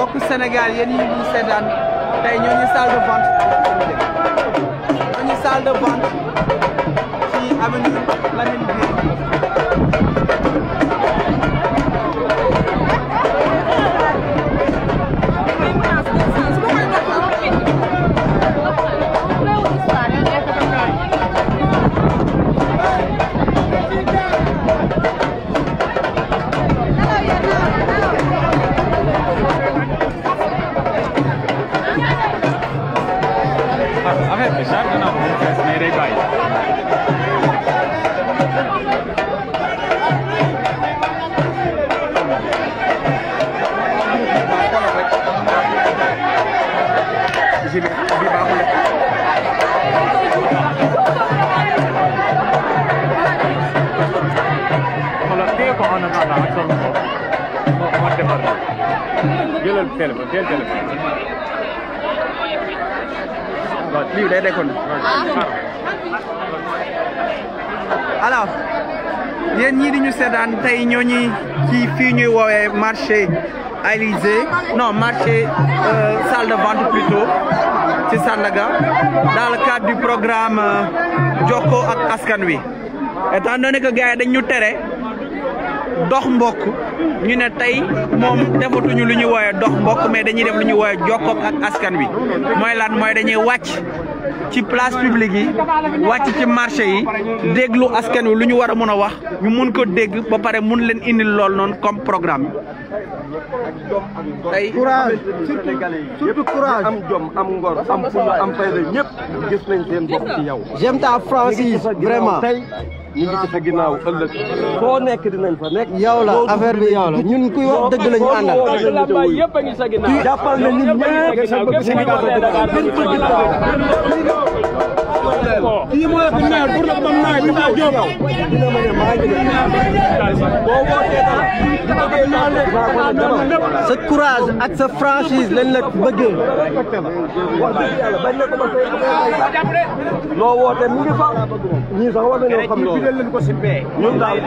mbokku Sénégal yéen ñi ñu seetaan tey ñoo ñu salle de vente ñu salle de vente ci avenue Lamine Gueye salaam ak soxna Mbow moo ko mën di ñu seetaan tey ñoo ñuy ci fii ñuy woowee marché Alizé non marché euh, salle de vente ci Sandaga dans le cadre programme euh, Jokko ak askan wi étant donné que gars ñu tere. dox mbokk ñu ne tey moom defatuñu lu ñuy wooye dox mbokk mais dañuy def lu ñu wooye jokkoog ak askan wi mooy lan mooy dañuy wàcc ci place publique yi wàcc ci marché yi déglu askan wi lu ñu war a mën a wax ñu mun ko dégg ba pare mun leen indil lool noonu comme programme tey courage surtout am am ngor nañ seen bopp ñuñitagginaaw ëllëg foo nekk dinañ fa nekk yow la affaire bi yow la ñun kuy wax dëgg la ñu àndal yëpp a ngi sa ginnaaw jàppal na nit ñëpp seen bëgg Sénégal kii moo yor fi nawet pour nga xam nawet dafa jóg. boo wootee sa courage ak sa franchise lañ la bëggee. loo woote mu ngi fa. ñii sax war nañoo xam loolu. ñun daal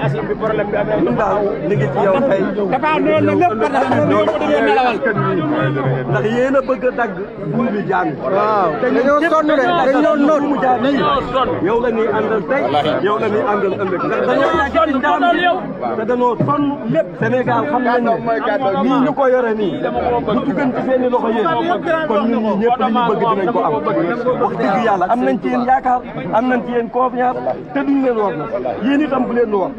ñun daal ñu ngi ci yow tey. ndax yéen a bëgg a dagg. waaw dañoo sonn de dañoo noot. tey yow la ñuy àndal tey yow la ñuy àndal ëllëg ndax i ko am wax dëgg yàlla am nañ ci yéen yaakaar am nañ ci yéen confiance te duñ leen wax na yéen itam bu leen nu wax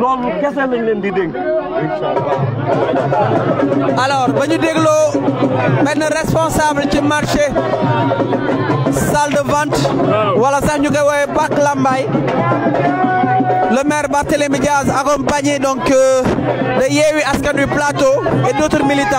loolu kese lañ leen di dénk alors ba ñu dégloo benn responsable ci marché de vente Voilà ça nous le maire Barthélémy médias accompagné donc euh, de Yewwi Askan plateau et d'autres militants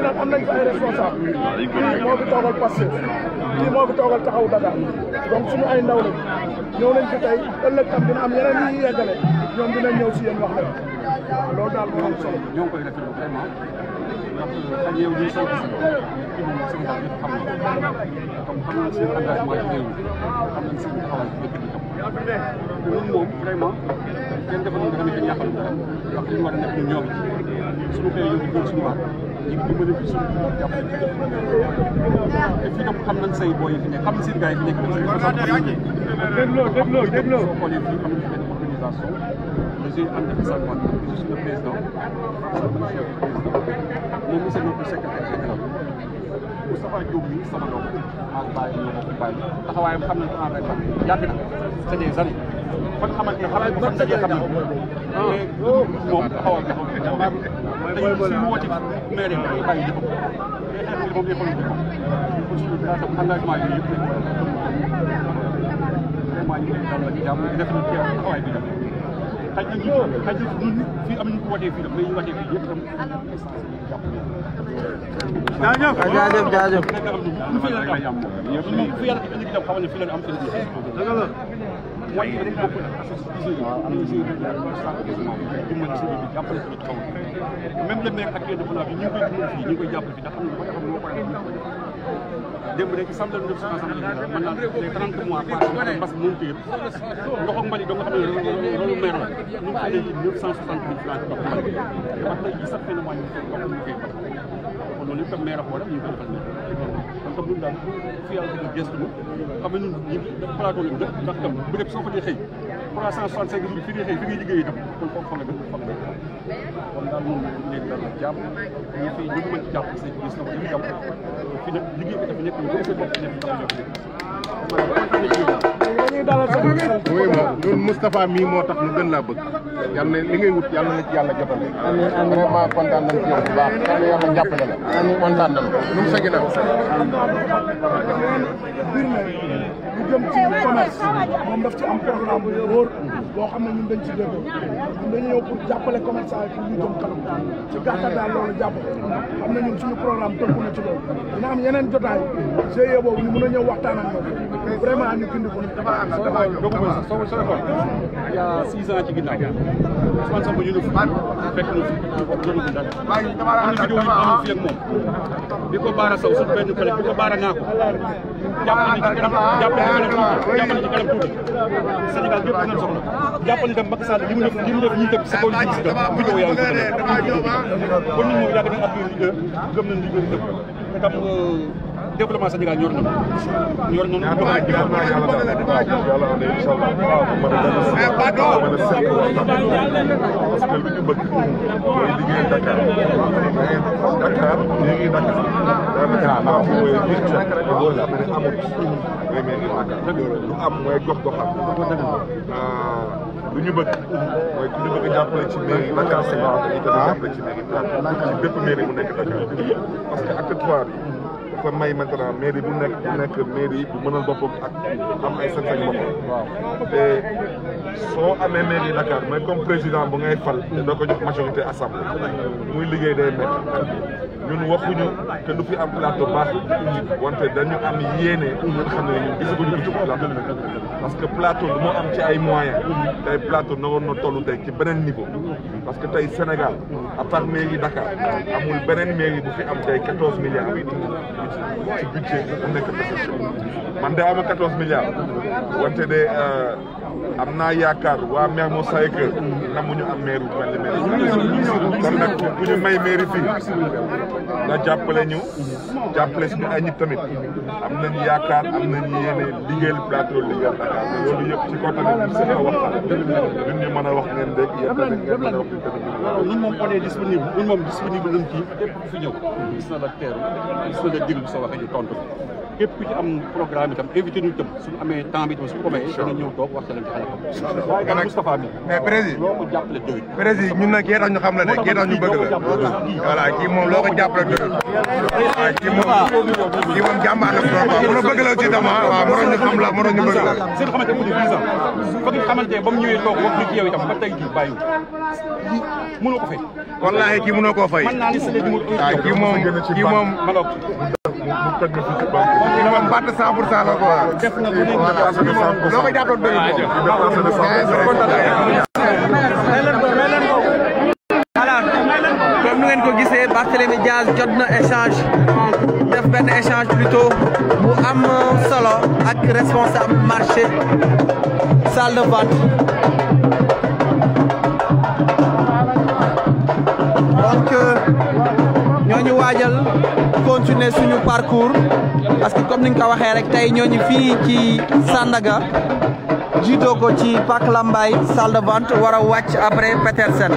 ñi nag am nañ fa ay responsable kii moo fi toogal Pastef kii moo fi toogal taxaw Dakar donc suñu ay ndaw lañ ñëw nañ fi tey ëllëg tam dina am yeneen yu ñuy yeggale ñoom dinañ ñëw si yéen wax leen loolu daal moo am solo. ñoo ngi koy rafetlu vraiment ndax xaj yow ñuy sant si kii moom Sénégal yëpp xam na comme xam naa seen engagement ci réew mi xam nañ seen taxawaay ci dëkk bi tam te ñun moom vraiment kenn defal nga xam ne kenn yàqal dara ndax li ñu war a nekk ñun ñoo ngi ci suñu xëyee ñoo ngi góor suñu waar ñu ngi dimbali fii suñu jàppale te fii tam xam nañ say booy yi fi nekk xam nañ seen gars yi fi nekk dem suñu xam dégloo dégloo dégloo soo xoolee fii am nañu benn organisation je ànd ak sa boîte je suis le président moom monsieur le secrétaire général ุสยุมิสมนุมาไปมาไปแต่ทวายคำนึงอะไรครับยัดนเสด็จสิคนทำมันเองครับไม่ค้องเสด็จทำหนึ่งหลวงพ่อแต่ยืนมั่วจิตแม่เด็ไปไปผมเรียกคนอื่นคุณท่านได้มาอยู่ยุค้ไดมาอยู่ในตอนนี้ยังไม่ได้ฟังเพียงเท่าไหรไปแล้วใครจะยืนใครจะยืนฟิลอันนี้กว่าเดียวฟิล์่กว่าเดียวยืนทำ jaajëf jaajëf jaajëf. même le maire actuel de Fala bi ñu ngi koy dimbali fii ñu ngi koy jàppale fii ndax am na loolu yëpp tam maire ko war a ñu koy xam nga ñun ñu plateau lañ ndax tam bu nekk soo fa dee xëy 365 jours fi dee xëy fi ngay liggéey itam kon fa nga dëkk fa nga kon daal moom daal jàpp ñu fi ñu mën jàpp fi nag liggéey nekk ñu ko seen bopp nekk tam ñoo fi nekk oui ma loolu mii moo tax ñu gën laa bëgg yàlla na li ngay wut yàlla na ci yàlla jotale. amiin amiin vraiment kontaan nañ ci yow bu baax yàlla yàlla jàppale la. amiin kontaan nu mu sa ginnaaw. lu jëm ci commerce moom daf ci am programme boo xam ne ñun dañ ci déggoo ñun dañu ñëw pour jàppale ñu programme tënku na ci loolu dina yeneen jotaay GIE boobu ñu mën a ñëw waxtaan vraiment ñu bind ko dafa am dafa am soo soo xool il y a six ans ci ginnaaw Ousmane Sonko ñu ne fu fekk ñu jëlu ko dara am na vidéo yi am fi ak moom bi ko baara saw suñu benn collègue bi ko baara naa ko jàpp nañu ci kanam jàpp nañu ci kanam tuuti jàpp nañu ci kanam tuuti Sénégal yëpp ngeen soxla jàpp nañu dem Macky Sall li mu def li mu def ñu def si kaw ñu si dem vidéo yaa ngi ko def kon nit ñi yàgg nañu ab gëm nañu li gëm dëgg te tam développement Sénégal ñor nañu ñor nañu ñor nañu ñor nañu yàlla daal yàlla ande incha allah mën a mën a seq parce que li ñu bëgg mooy liggéey Dakar Dakar ñu ngi Dakar daanaka am mooy virtuel voilà mais amut mooy mel ni lu am mooy gox goxam lu ñu bëgg mooy ku ñu bëgg jàppale ci mairie Dakar Sénégal dañuy jàppale ci mairie ci bépp mairie mu nekk Dakar parce que acte trois bi te may maintenant mairie bu nekk bu nekk mairie bu mënal boppam ak am ay sañ-sañ boppam. soo amee mairie Dakar mooy comme président bu ngay fal. te doo ko jox majorité assemblée. muy liggéey day métti. ñun waxuñu te du fi am plateau basse wante dañu am yéene parce que plateau lu moo am ci ay moyens tey plateau na woon na toll tey ci beneen niveau parce que tey Sénégal à part mairie Dakar amul beneen mairie du fi am tey quatorze milliards ci budget man de ama quatorze milliards wante de euh, am naa yaakaar waa maire moo say na namu ñu am maire bu mel ni maire kon nag bu ñu jàppale ñu jàppale suñu ay nit tamit am nañu yaakaar am nañu yéene liggéeyal plateau Linguère Dakar loolu yëpp ci kaw a a wax ngeen dégg yéen tamit ngeen mën a wax ñun moom on est disponible ñun moom disponible lañ ci képp ku na la teeru gis na la déglu sa waxee ñu am programme itam invité ñu itam suñu amee temps bi su ko mayee dana ñëw toog xale Moustapha bi mais président loo ko jàppale doyul président ñun nag kii ñu xam la de kii tax ñu bëgg la voilà kii moom loo ko jàppale kii moom kii moom la trop waaw mënoo bëgg la aussi tam ah, waaw mënoo ñu xam la mënoo ñu bëgg la seen xamante bu ñu 10 ans fa nga xamante ba mu ko fay wallaahi kii mënoo koo fay ah, kii moom kii moom bu toj na fii ci banque bi. moom baat na ko voilà loo koy jàppoon na 100 pour 100. comme ni ngeen ko gisee Barthélémy Diaz jot na échange def benn échange plutôt bu solo ak responsable marché salle de vente. continuer suñu parcours parce que comme ni nga ko waxee rek tey ñoo ñu fii ci Sandaga jiitoo ko ci Pak Lambay salle de war a wàcc après Petersen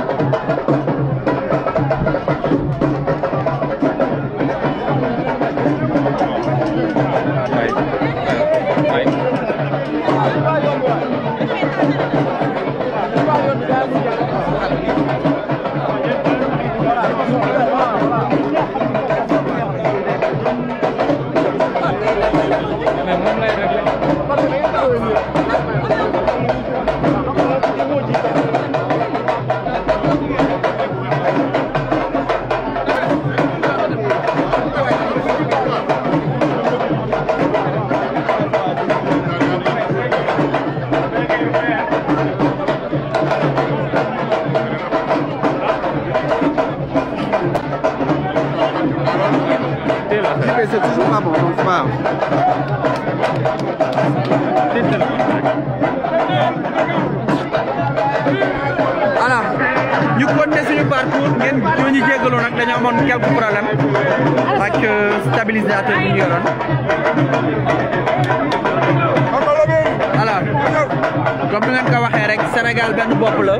benn bopp la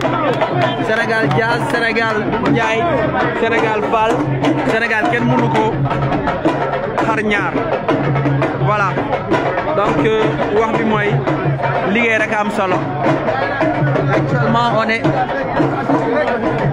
Sénégal Diaz Sénégal Ndiaye Sénégal Fall Sénégal kenn mënu ko ñaar voilà donc euh, wax bi mooy liggéey rek am solo actuellement on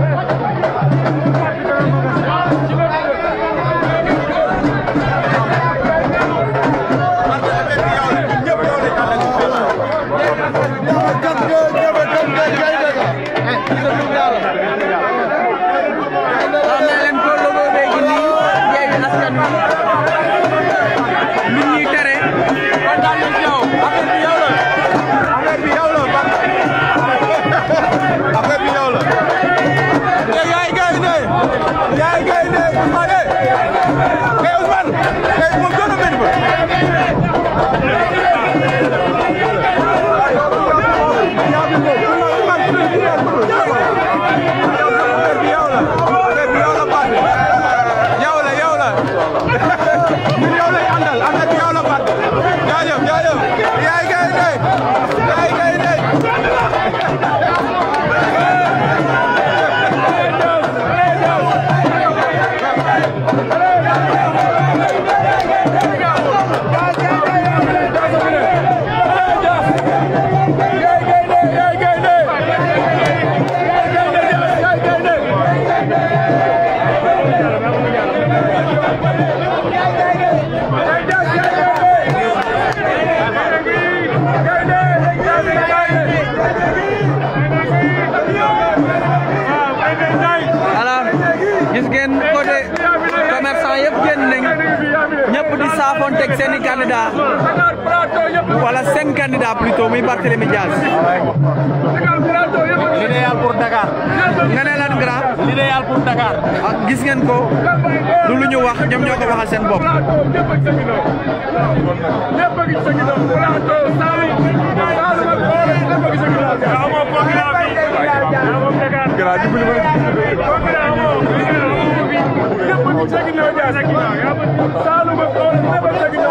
Ousmane Canada, voilà 5 candidats plutôt muy Barthélémy Dias. l'idéal pour Dakar. nga ne lan l'idéal pour Dakar. ah gis ngeen ko lulu lu ñu wax ñoom ñoo ko waxal seen bopp. Salu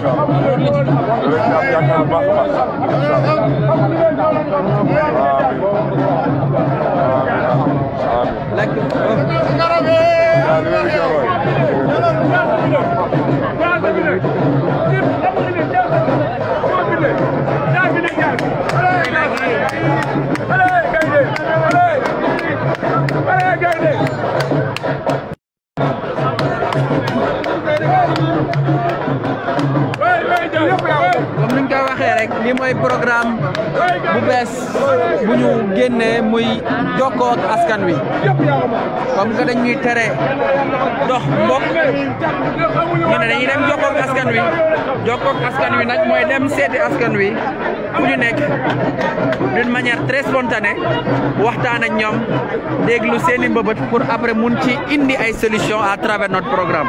inşallah. Öğretmen yakan bakmaz inşallah. Amin. Amin. Amin. Amin. Amin. jokkoo askan wi comme que dañuy dox dañuy dem askan wi askan wi d'une manière très spontanée déglu pour après mun ci indi solution à travers notre programme.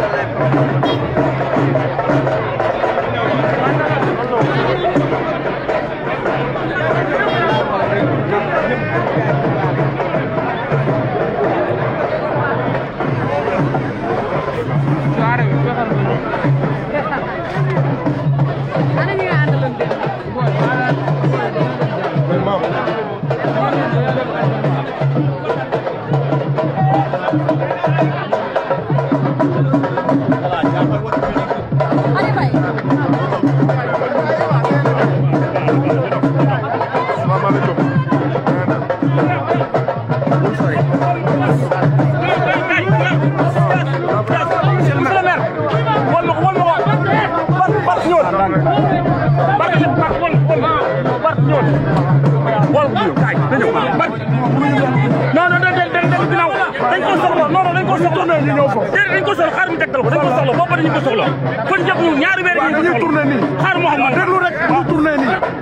waaw dañ ko soxla. soxla bi soxla bi. dañ ko soxla waaw dañ ko soxla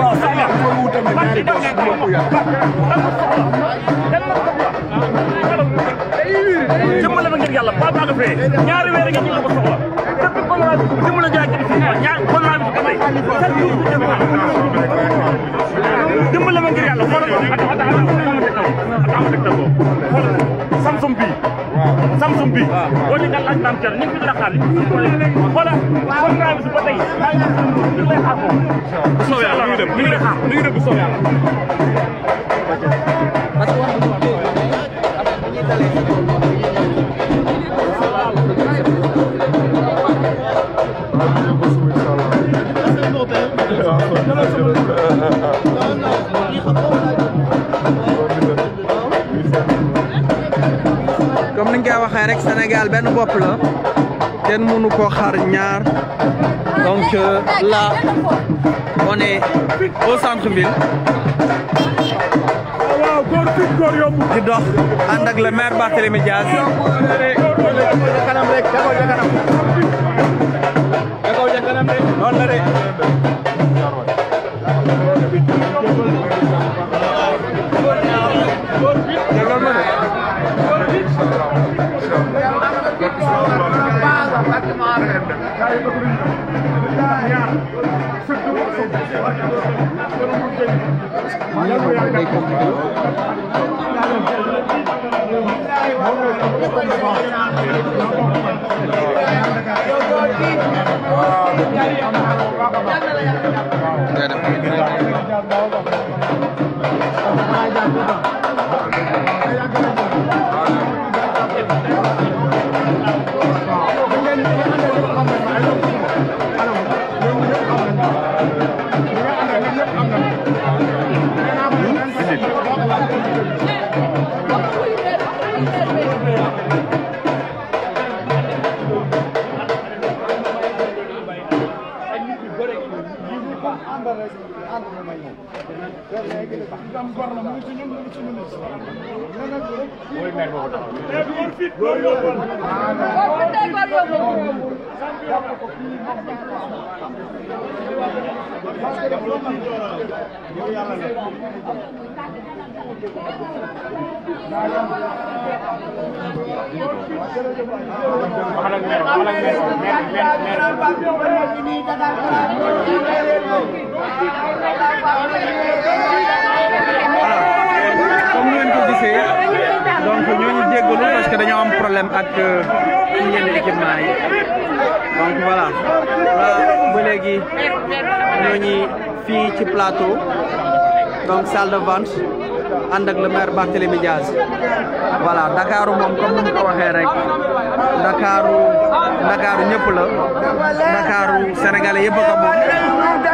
waaw dañ ko soxla. jëmm la nga ngir yàlla ba baax a fee ñaari weer nga ñu ko soxla. Samsung bi boo ci gàllankoor maam Thierno ñu ngi fi xaalis voilà kon naa bis ba tey ñu ngi lay xaar moom. bu soobee yàlla ñu ngi dem ñu ngi dem bu soobee yàlla. Sénégal benn bopp la kenn mënu ko xar ñaar donc euh, là on est au centre-ville di dox ànd ak le maire Barthélémy Diaz ay bëgg ñaar sëkk bu ko soog maa ngi koy day compliqué waaw fit loolu yombul. comme ngeen ko gisee ñooñu jégalu parce que dañoo am problème ak yenn équipement yi donc voilà ba léegi ñooñu fii ci plateau donc salle de vente ànd ak le maire Barthélémy Diaz voilà Dakar moom comme ni ko waxee rek Dakar Dakar ñëpp la Dakar Sénégalais yëpp ko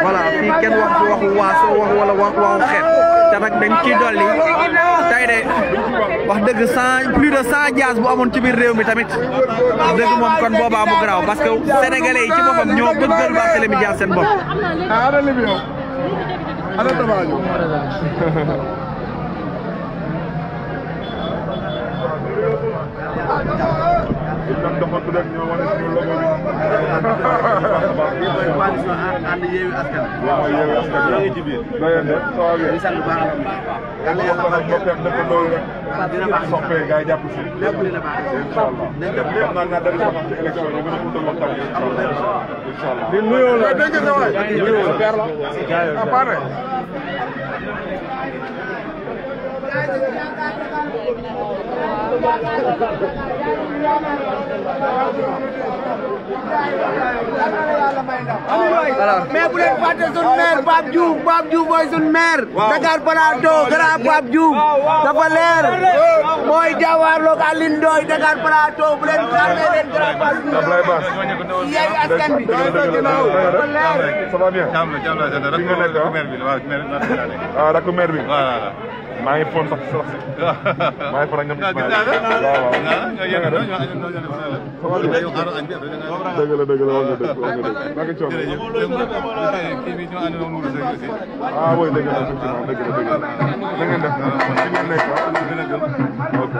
voilà kenn wax waxu waaso wax wala wax te nag dañ ciy dolli tey de wax dëgg cent plus de cent jaas bu amoon ci biir réew mi tamit wax dëgg moom kon boobaa mu garaaw parce que sénégalais yi ci boppam ñoo bëggal Barthélémy Dias seen bopp. ah. lii mooy coalition ànd yeewi askan. waaw yeewi askan yaa ngi ci biir. noo leen def soo amee. ñu sant baax na. yàlla baax na dina baax soppee gars yi jàpp si. lépp dina baax incha allah. lépp lépp nag nga dem sax ci élection ñu gën a utal waxtaan yi. amul benn incha allah. di nuyoo la dégg nga waay. nuyoo la père la. appareil. Thank you. mais bu leen fàtte suñu maire Pape Diouf Pape Diouf mooy suñu maire. Dakar Plateau grand Pape Diouf. dafa leer. mooy jàmmaarloog Alioune Ndoye Dakar Plateau bu leen tànnee leen grand Pape Diouf. yéen askan bi. dafa leer. ça va bien. jàmm jàmm la maire bi waaw maire bi. Ah, maa ngi fon sax sax maa ngi fon ak ñoom Ismaël waaw waaw. dëgg la dëgg la wax nga dëgg wax nga dëgg maa ngi coono. ah oui dëgg la effectivement dëgg la dëgg la. na ngeen def fi ngeen nekk ah. ok.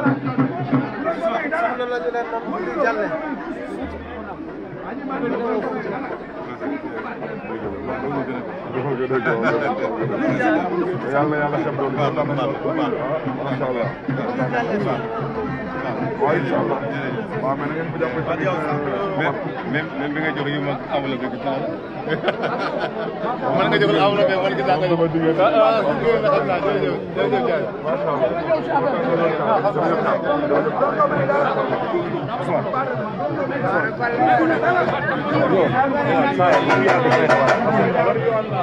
dëgg la. dëgg dëgg yàlla yàlla xam loolu. waaw macha allah. waaw incha allah. waaw mais na ngeen ko jàppee tamit. même même bi nga jox yi mag awla bi gis naa la. man nga jox la awla bi man gis naa la. ah ah xam naa jërëjëf jërëjëf Diagne. macha allah.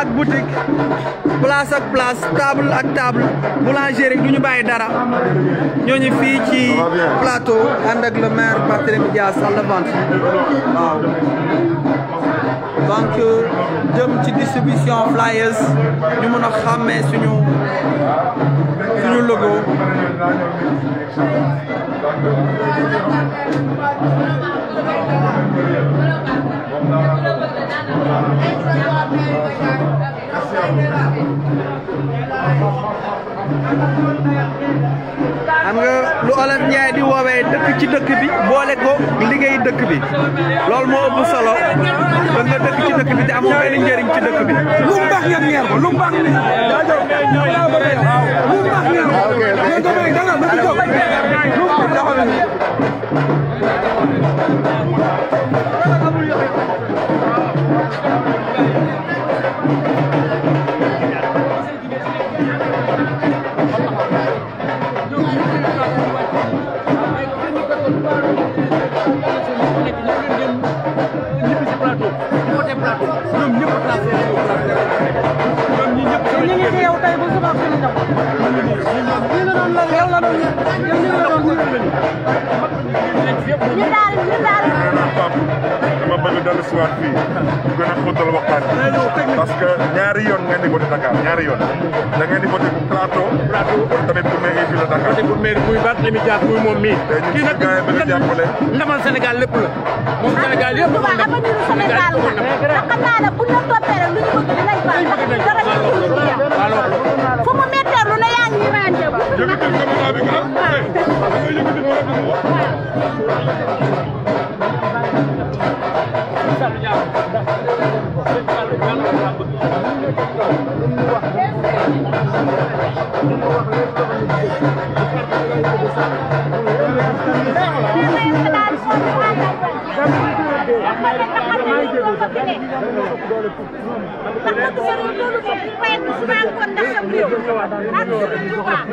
ak boutique place ak place table ak table boulangerie du ñu bàyyi dara ñooñu fii ci plateau ànd ak le maire Barthélémy Dias donc jëm ci distribution flyers ñu mën a xàmmee suñu suñu logo. xam nga lu olof Njaay di woowee dëkk ci dëkk bi boole ko liggéey dëkk bi loolu moo ëpp solo ba nga dëkk ci dëkk bi te amoo benn njëriñ ci dëkk bi. lu mu baax ngeen ñeer ko lu mu baax ngeen lu mu baax ngeen ko. Ah, ñu ngi fi yow tey bu suba fi ñu ñëw lii la doon lal yow la doon yow ñu ngi la doon ñu daal ñu daal dama bëgg dellu si waat fii ñu gën a xóotal waxtaan parce que ñaari yoon ngeen di voté Dakar ñaari yoon da ngeen di voté bu plateau plateau tamit bu mairie fii la Dakar voté bu mairie muy baat lemi jaar muy moom mii kii nag bëgg a jàppale ndamal Sénégal lépp la moom Sénégal yëpp Sénégal bu ñu toppee rek lu ñu bëgg fu mu méttee lu ne yaa ngi ñu naan jëm. yëkkatil caméra bi gën a. waaw yëkkatil caméra bi gën a. ne ndax nag sëriñ loolu moom bu fayal ko sumaan kon ndax am réew ak sëriñ bu baax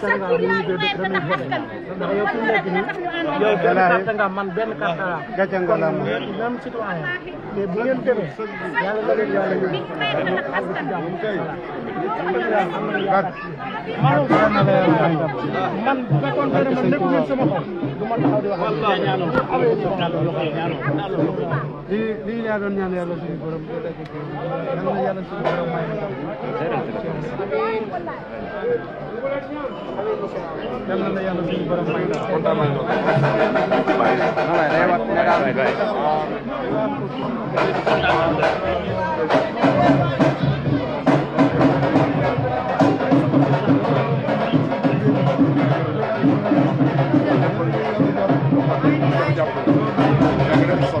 chaque jour yaa ngi fayal ko ndax askan kon loolu dina tax ñu ànd yow benn carte nga man benn carte la gàcce nga la même citoyen mais bu ngeen demee yàlla la leen yàlla ñu fayal ko ndax askan man bu fekkoon ne man nekkul woon sama xol du ma taxaw di wax. wallaahi ñaanoo lii lii laa doon ñaan yàlla suñu borom boo déggee kër yi yal na yàlla suñu borom may yal na yàlla suñu borom may ndax kontaan nañu ko. bisa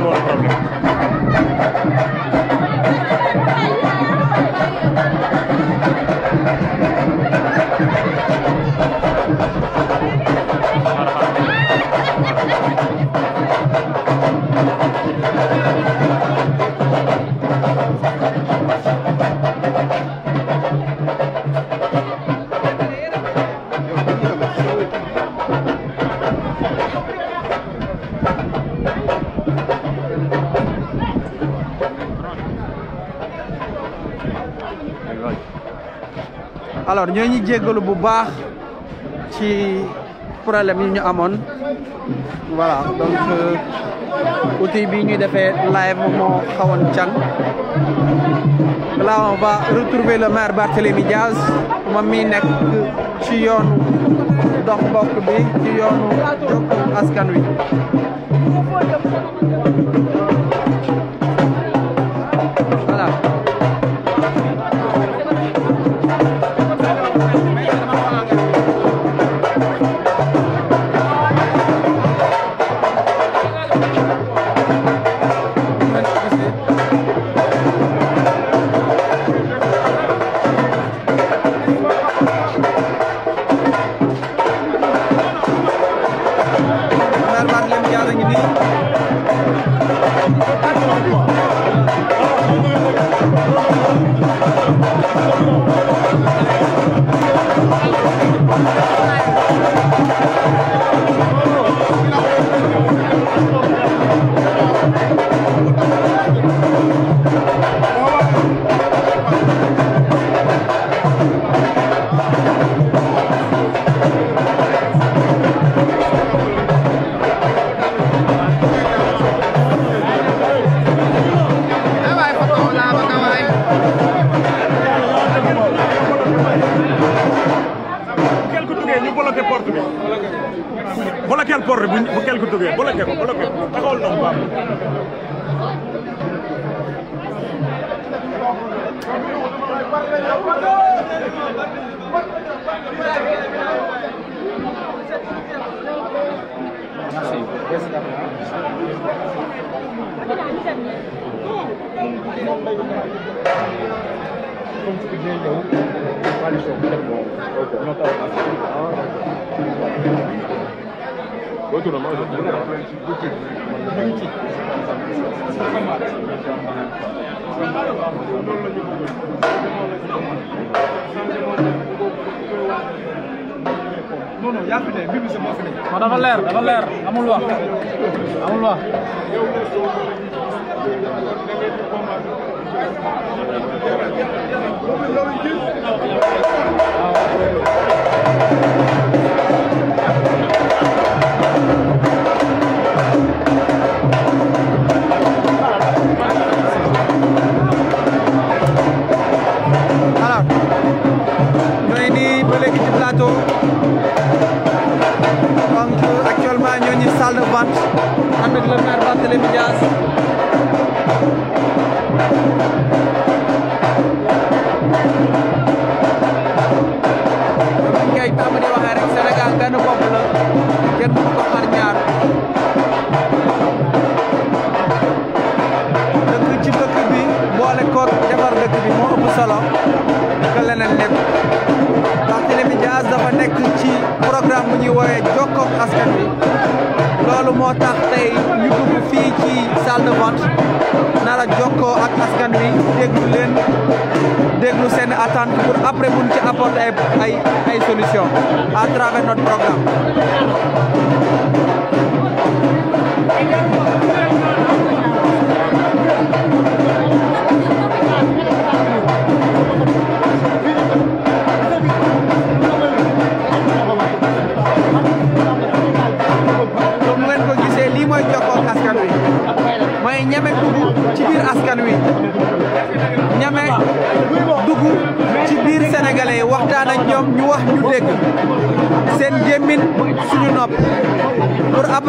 alors ñoo ñu jéggalu bu baax ci problème yi ñu amoon voilà donc euh, outil bi ñuy defee live moo xawoon can là on va le maire Barthélémy Diaz moom mi nekk ci yoonu dox mbokk bi ci yoonu jokk askan wi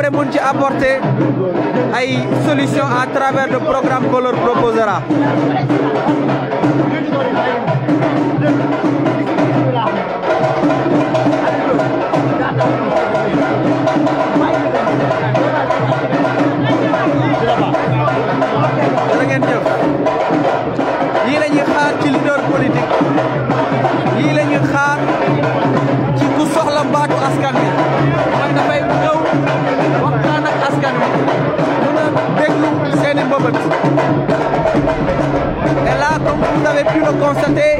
après mun ci apporter ay solution à travers de programme qu'on leur proposera avez pu le constater,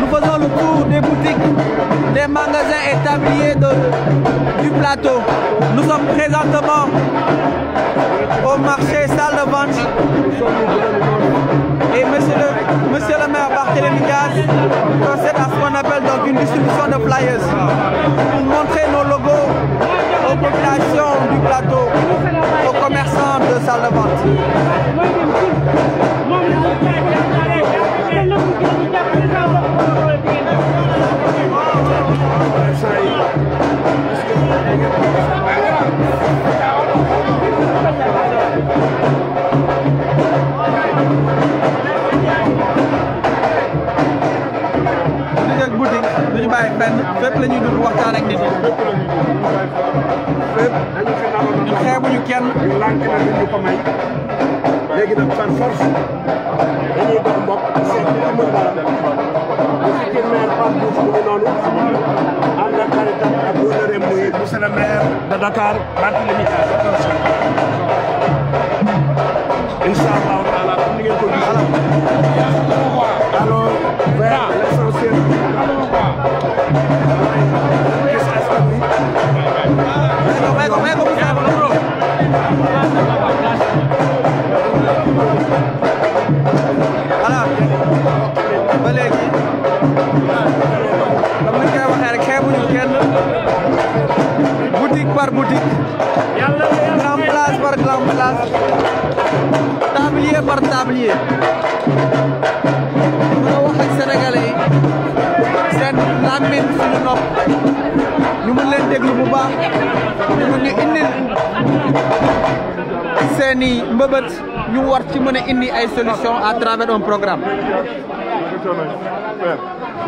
nous faisons le tour des boutiques, des magasins établis du plateau. Nous sommes présentement au marché salle de vente. Et monsieur le, maire Barthélémy Gaz c'est à ce qu'on appelle donc une distribution de flyers pour montrer nos logos aux populations du plateau, aux commerçants de salle de vente. fépp la ñuy dund waxtaan ak nit ñi fépp ñu xeebuñu kenn lànk na ñu ko may léegi nag par force bopp ak seen biir mën dara monsieur le maire Pape Diouf mu ngi noonu ànd ak xaritam ak wóllare muy monsieur le maire de Dakar Barthélémy Dias incha allahu taala comme ni ngeen ko gis alors vers l'essentiel comme ni ñu koy waxee rek xeebuñu kenn par boutique. grand place par grand place. tablier par tablier. nga wax ak sénégalais yi seen làmmiñ suñu nopp ñu mun leen déglu bu baax ñu mun ñu indil seen mbëbët ñu war ci mën a indi ay solution à travers un programme.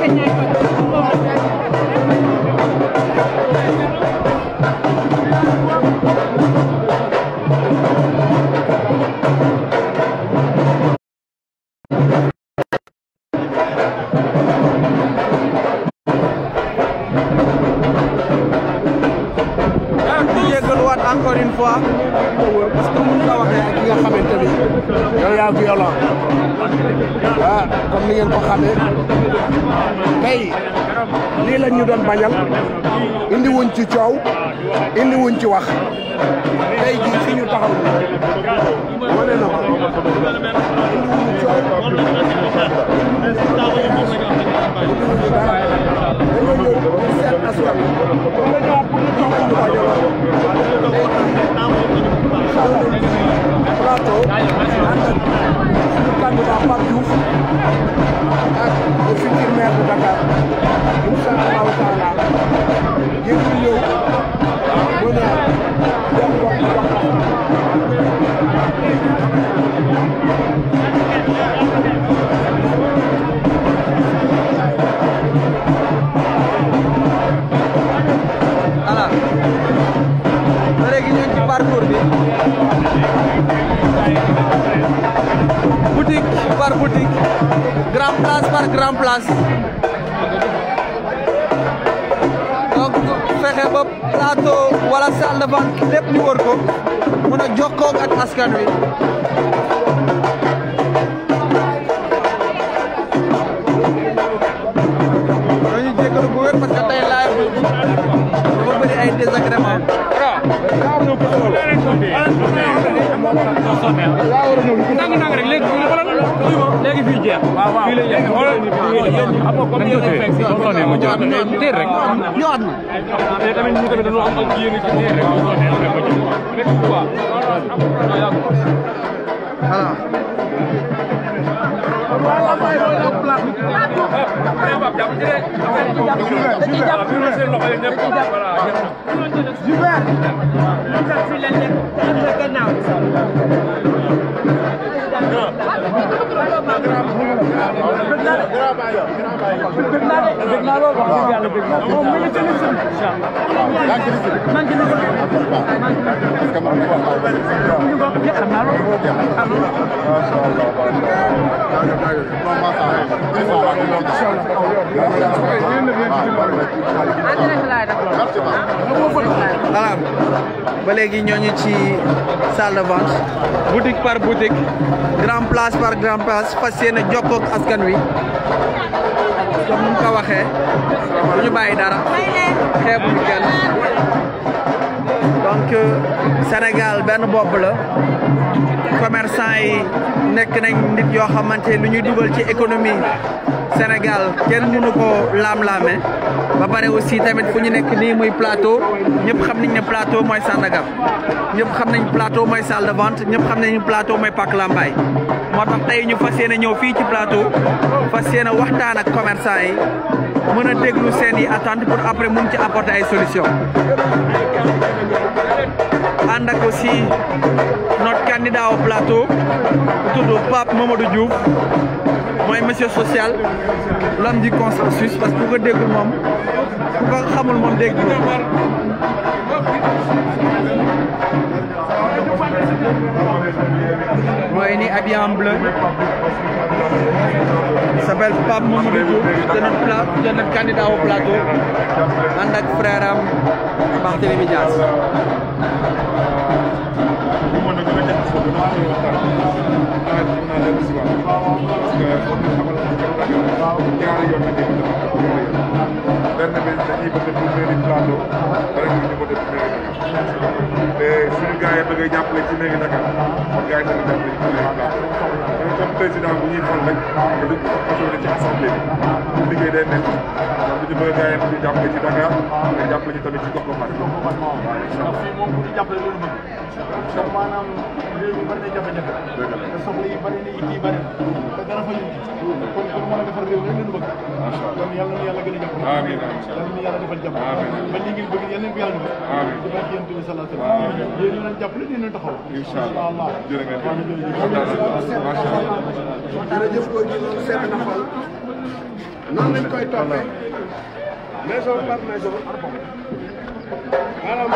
Thank you. alors ba léegi ñooñu ci salle de vente boutique par boutique grand place par grand place fas yéene askan wi comme ni mu ko waxee ñu bàyyi dara xeebu kenn donc Sénégal benn bopp la commerçant yi nekk nañ nit yoo xamante lu ñuy dugal ci économie Sénégal kenn mënu ko laam-laame ba pare aussi tamit fu ñu nekk nii muy plateau ñëpp xam nañ ne plateau mooy Sandaga ñëpp xam nañ plateau mooy salle de ñëpp xam nañ plateau mooy Pack Lambaye moo tax tey ñu fas yéene ñëw fii ci plateau fas yéene waxtaan ak commerçant yi mën a déglu seen yi attente pour après mun ci apporter ay solution Anda ak aussi notre candidat au plateau tudd Pape Mamadou Diouf mooy monsieur social l'homme du consensus parce que ku ko déggul moom ku ko xamul moom dégg mooy ni habillé en bleu s'appelle Pape Mamadou Diouf de notre plat de notre candidat au plateau ànd frère am Barthélémy président bu ñuy fal rek nga dugg assemblée ci assemblée bi liggéey day nekk bu ñu bëgg gaayam ñu jàppale ci Dakar nga jàppale ñu tamit ci gox gox maanaam réew mi bari na jafe-jafe te soxla yi bari na it yi bari na te dara fa ñu kon kon mën a defar réew rek la ñu bëgg kon yàlla na yàlla gën a jàpp amiin yàlla na yàlla defal jàpp ba li ngeen bëgg yàlla na ko yàlla defal amiin ci barke yonent bi sallallahu alayhi wa sallam yéen ñu leen jàppale di leen taxaw inshallah allah jërë ngeen jëf macha allah jërëjëf ko ji loolu seet na xol noonu lañ koy toppee maison par maison maanaam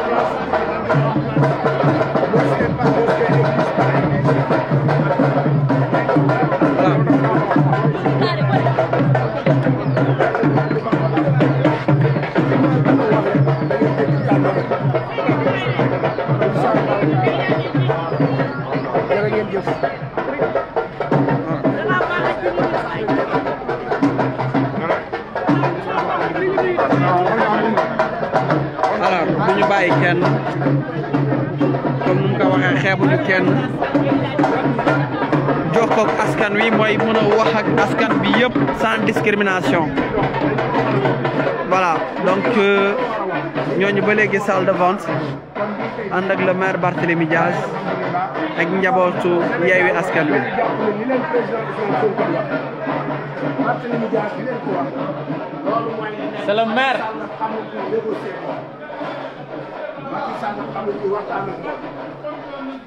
leen askan wi mooy mën a wax ak askan bi yëpp sans discrimination voilà donc euh, ñooñu ba léegi salle de vente ànd ak le maire Barthélémy Diaz ak njabootu Yewwi Askan Wi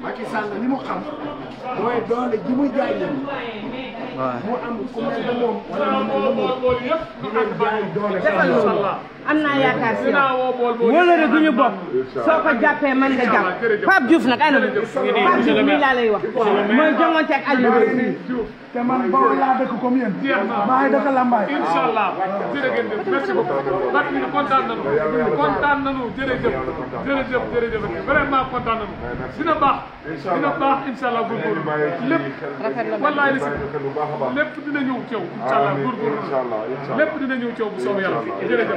Macky Sall li mu xam mooy doole ji mu jaay mu am ku mel ne moom wala mu mel ne moom dinañ jaay doole am naa yaakaar si yow wóolare gu ñu bokk soo ko jàppee mën nga jàpp Pape Diouf nag ana Pape Diouf mii laa lay wax mooy jongonte ak Aliou te man boobu laa dëkk comme yéen maa ngi dëkk Lambaay inshallah jërëjëf merci beaucoup bat ñu kontaan nañu kontaan nañu jërëjëf jërëjëf jërëjëf vraiment kontaan nañu dina baax dina baax inshallah góorgóorlu lépp wallaay baax a baax lépp dina ñëw ceew incha allah góorgóorlu incha allah lépp dina ñëw ceew bu soobee yàlla jërëjëf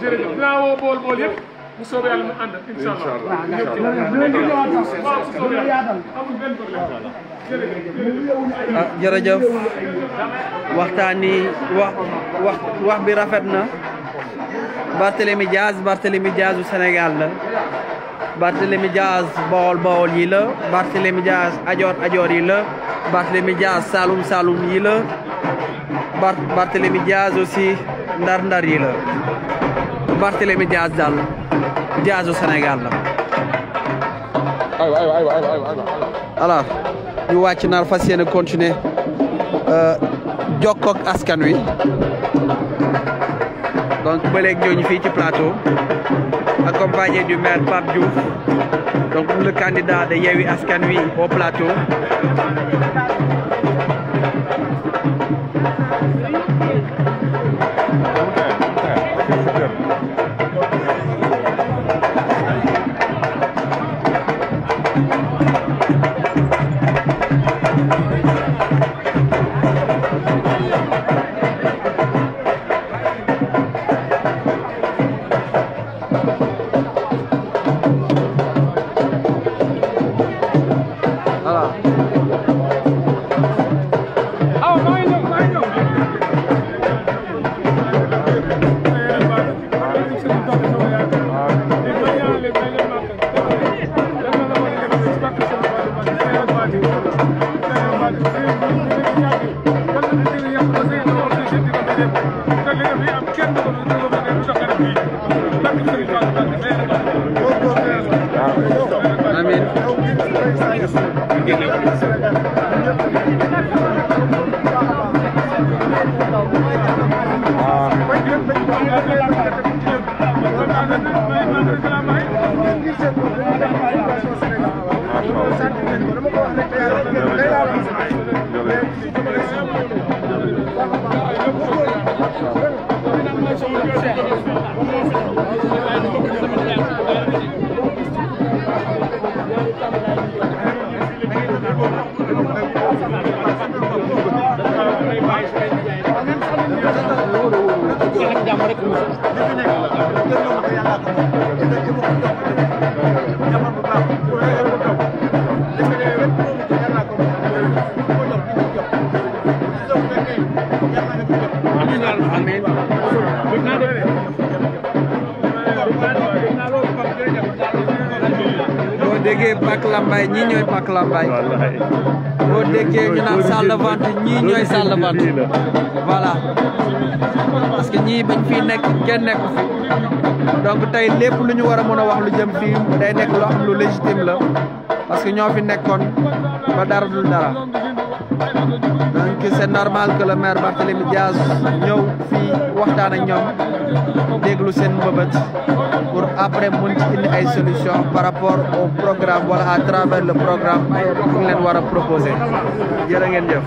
jërëjëf dinaa woo bool bool yëpp bu soobee yàlla mu ànd incha allah ñëpp waaw bu soobee yàlla amul benn problème jërëjëf ah, jërëjëf waxtaan yi wax wax wax bi rafet na Barthélémy Dias Barthélémy Diasu Sénégal la Barthélémy Dias Bawol Bawol yi la Barthélémy Dias Ajoor Ajoor yi la Barthélémy Dias Saalum Saalum yi la Bart Barthélémy Dias aussi Ndar Ndar yi la Barthélémy Dias daal Diasu Sénégal la. aywa aywa aywa aywa ñu wàcc naar fas yéene continuer euh, jokkook askan wi. donc Belek Dionifi du plateau accompagné du maire Pape Diouf donc le candidat de Yewi Askanui au plateau Jangan jam mereka. déggee Pak Lambaye ñii ñooy Pak Lambaye boo déggee ñu naan salle ñii ñooy salle de parce que ñii bañ fii nekk kenn nekku fi donc tey lépp lu ñu war a mën a wax lu jëm fii day nekk loo xam lu légitime la parce que ñoo fi nekkoon ba dara dul dara donc c'est normal que le maire Barthélémy Dias ñëw fii waxtaan ak déglu seen mbëbët pour après mun ci indi ay par rapport au programme wala à travers le programme bu leen war a proposer jërë ngeen jëf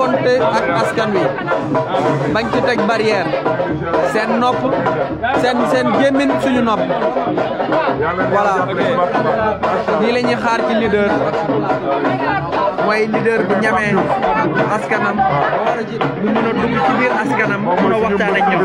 saafonte ak askan wi bañ ci tek barrière sen nop sen sen gemin suñu nop voilà ni lañu xaar ci leader mooy leader bu ñamee askanam wara bu mën a dugg ci bir askanam mëna waxtaan ak ñoom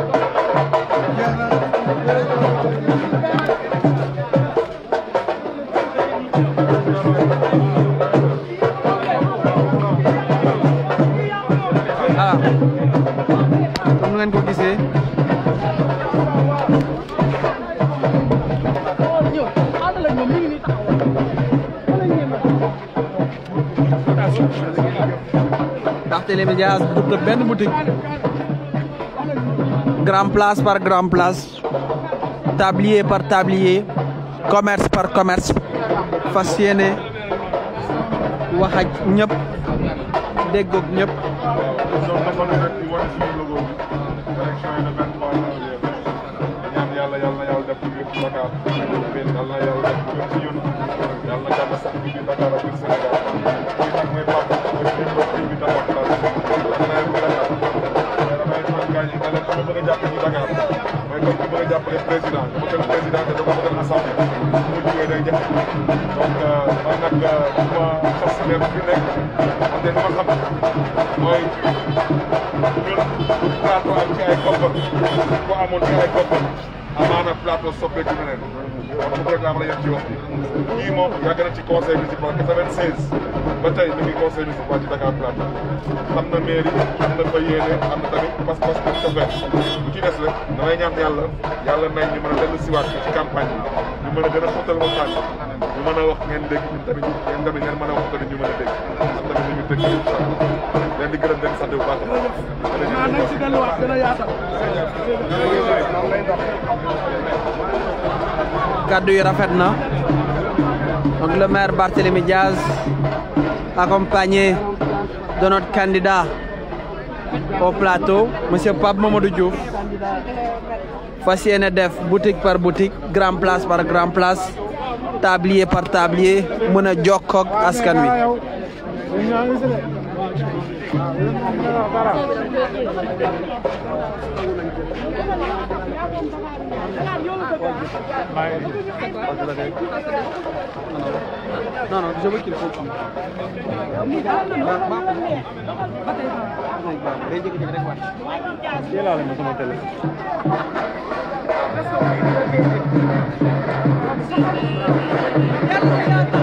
ngeen ko gisee ndax Télémédia benn boutique grand place par grand place tablier par tablier commerce par commerce fas yéene wax ak ñëpp élection yi le 23 janvier ñaan yàlla yàlla na yàlla def lu gën ci Dakar amin yàlla na yàlla def lu gën ci ñun yàlla na jàmm sax bi Dakar ak Sénégal muy nag mooy papa ci mbokk yi bi taxaw place damay bu Dakar mais damay fan gaañ yi nga leen dama bëgg a jàpp ci Dakar mooy comme ku bëgg a jàppale président dama bëgg président te dama bëgg assemblée bu mu jógee day jafe donc man nag bu ma xas leen fi nekk am na ma xam mooy soppee junni leen wax mu programme la yem ci wax bi kii moom yàgg na ci conseil municipal en 96 ba tey mi ngi conseil municipal ci Dakar Plateau am na na na pas-pas ak cofeel bu ci des rek damay ñaan yàlla yàlla may ñu mën a dellu siwaat ci campagne bi ñu mën a gën a xóotal waxtaan ñu mën a wax ngeen dégg ñun tamit ngeen tamit di gërëm leen sant bu baax a baax. nañ si delluwaat gën le maire Barthélémy Diaz accompagné de notre candidat au plateau monsieur Pape Mamadou Diouf fas boutique par boutique grand place par grand place tablier par tablier mën a à askan Mas... Não, não, deixa eu aqui um pouquinho. não. Não, não, não. Não, não, não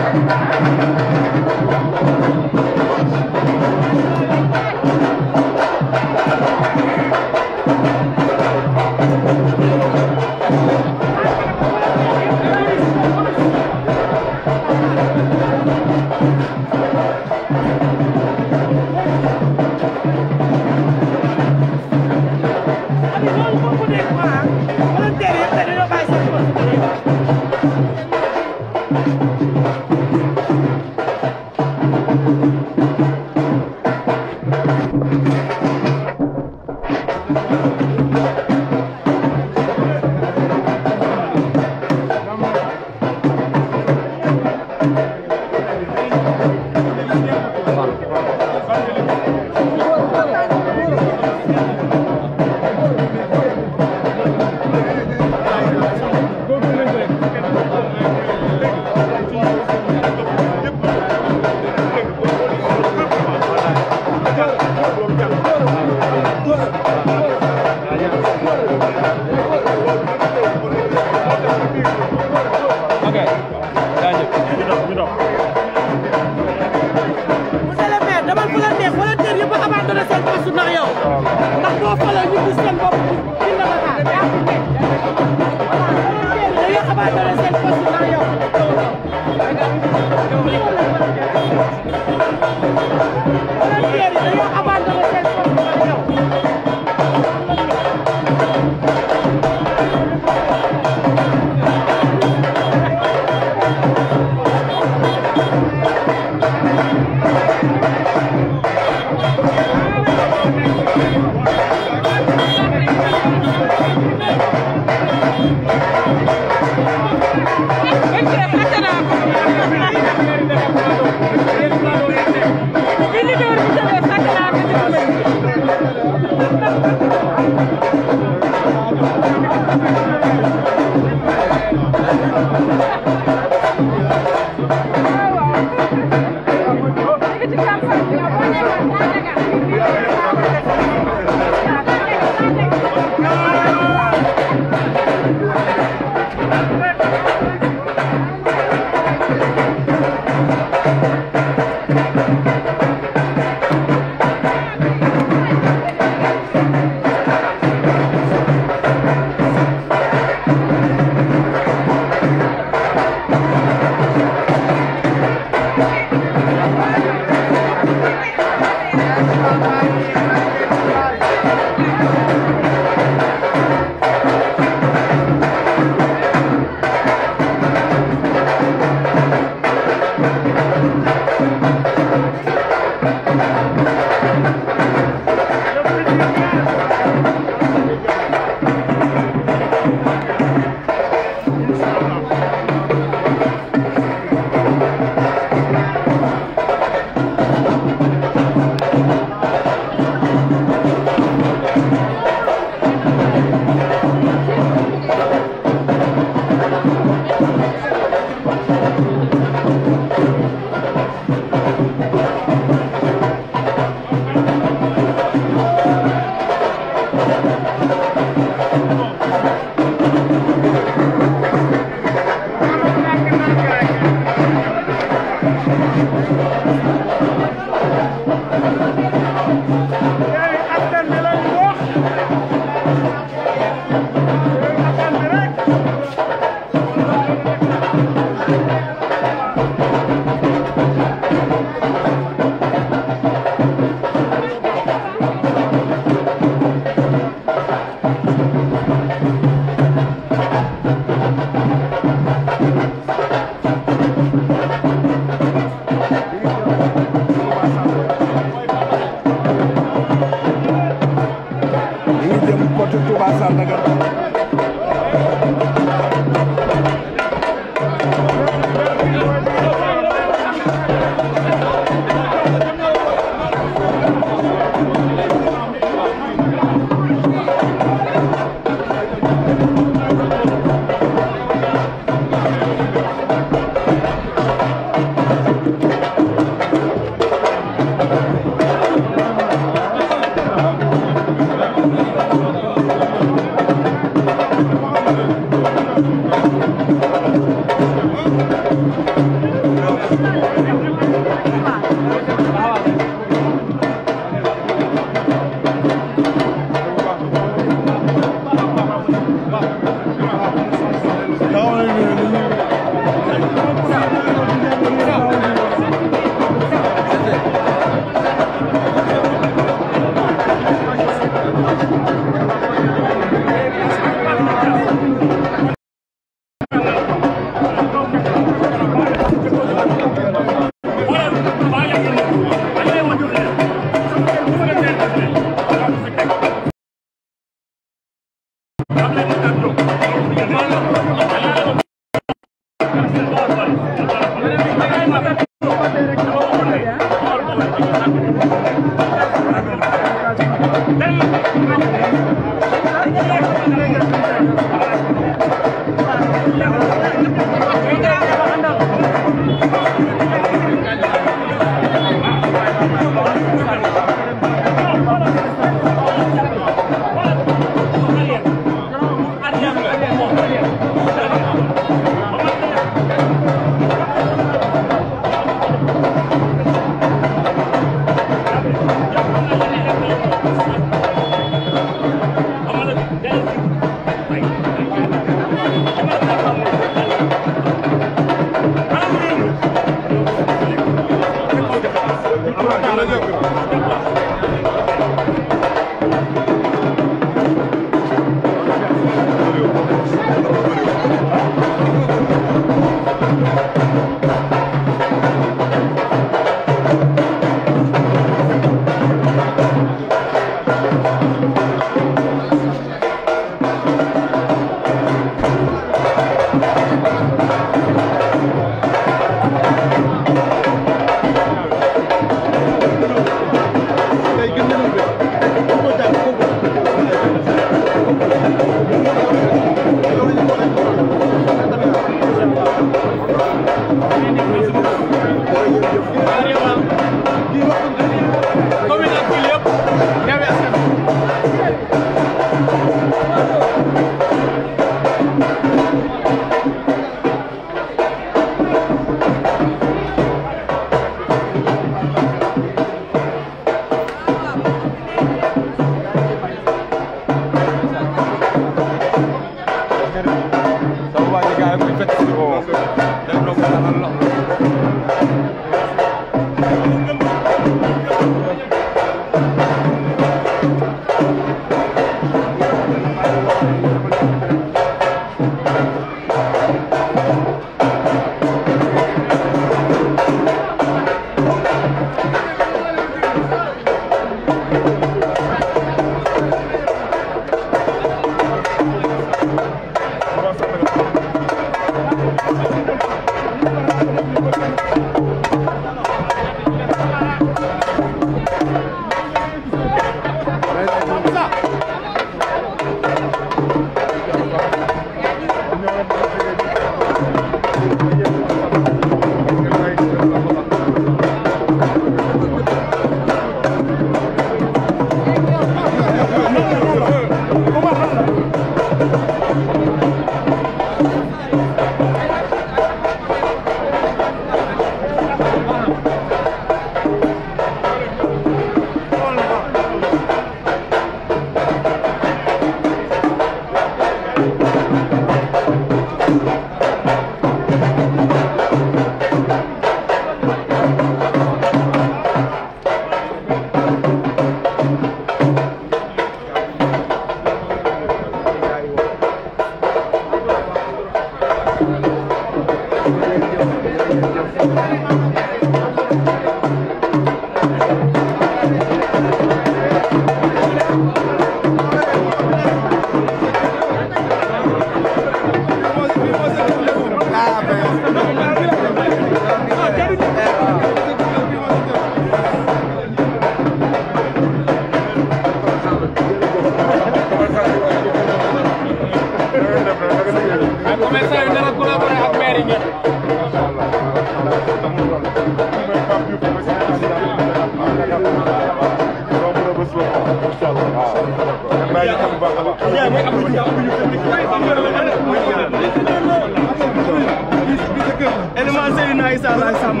élément Seydina Issa Laye Samb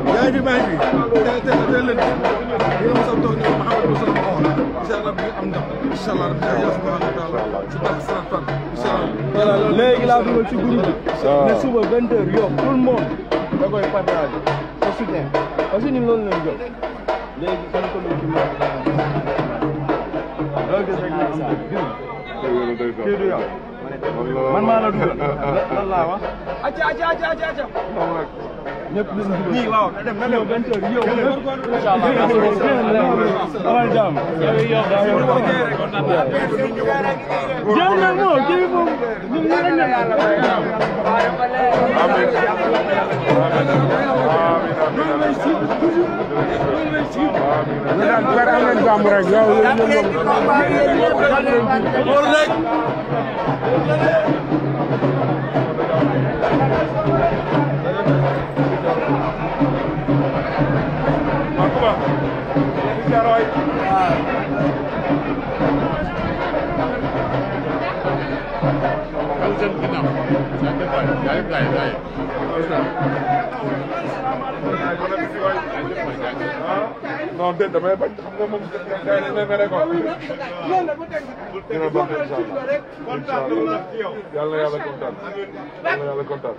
bi yaay fi bàyyi suba vingt heures yow tout aussi bien parce que ñun loolu lañ jóg du yow man maa la dugal lan laa wax acca acca ñëpp ñi waaw na dem na dem benn heure yow inshallah amal jàmm yow jël na mo jël mo ñu ñu na yàlla amin amin amin amin amin jëm ginnaaw yaa jëm waay yaa yëpp gaa yi gaa yi. non déet damay bañ xam nga moom gaa yi dañu may mere quoi. dina baax incha allah incha allah yàlla yàlla kontaan yàlla yàlla kontaan.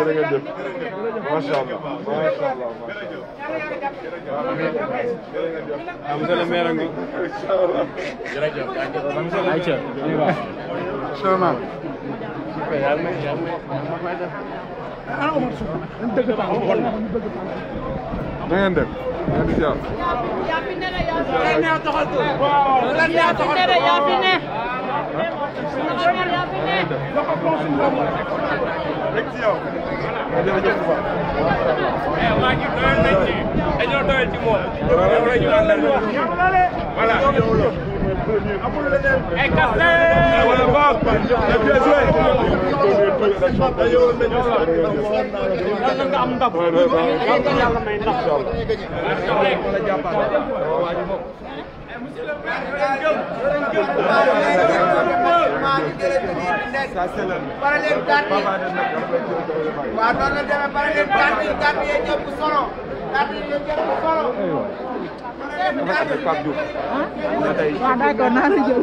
waaye jërë ngeen jëf macha allah macha allah macha allah. amiin. ah monsieur le maire ngi. incha allah. jërëjëf. ayca. na ngeen def. yaa ngi jaar. yaa fi ne la yaa fi ne. yaa fi ne la yaa fi ne. Yàlla may ndam pare leen carte yi waaw noonu la demee pare leen carte yi carte yi ñëpp solo carte yi ñëpp solo. waaw d'accord naa la jël.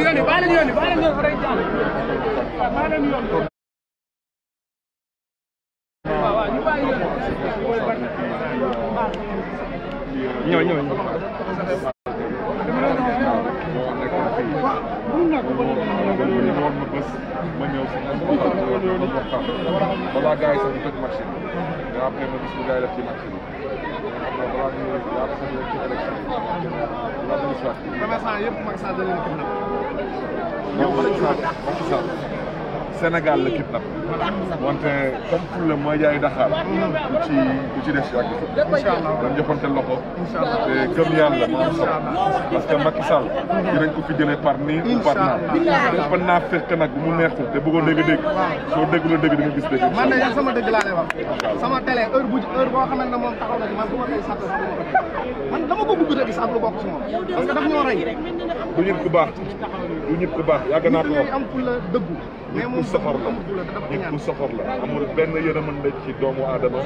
yoon yi bàyyi leen yoon yi bàyyi leen yoon Sénégal la kidnap wante comme fulla le jaay daxaar lu ci ci dess des inshallah dañ joxonté loxo te gëm yàlla moo am solo parce que Macky Sall dinañ ko fi jëlé par ni ou par naa dafa naa fekk nag mu neexul té bëggo dégg-dégg so dégg lu dégg di gis dégg man de sama dégg la lay wax sama télé heure bu heure bo xamné na mom taxaw na ci man du ma koy sàtt man dama ko bëgg a sax lu bokk ci parce que daf ñoo ray du nit ku baax du nit ku baax yàgg na ko am am fulla dëggu nit ku soxor la nit ku soxor la amul benn yërëmande ci doomu aadama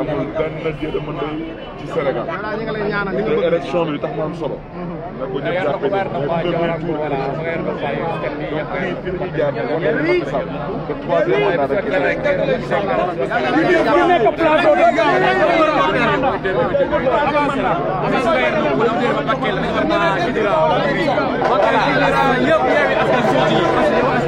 amul benn yërëmande ci Sénégal te élection bi tax mu am solo na ko ñëpp jàppe ni premier tour donc fii jaar ne wane na Macky Sall te troisième mandat rek Macky Sall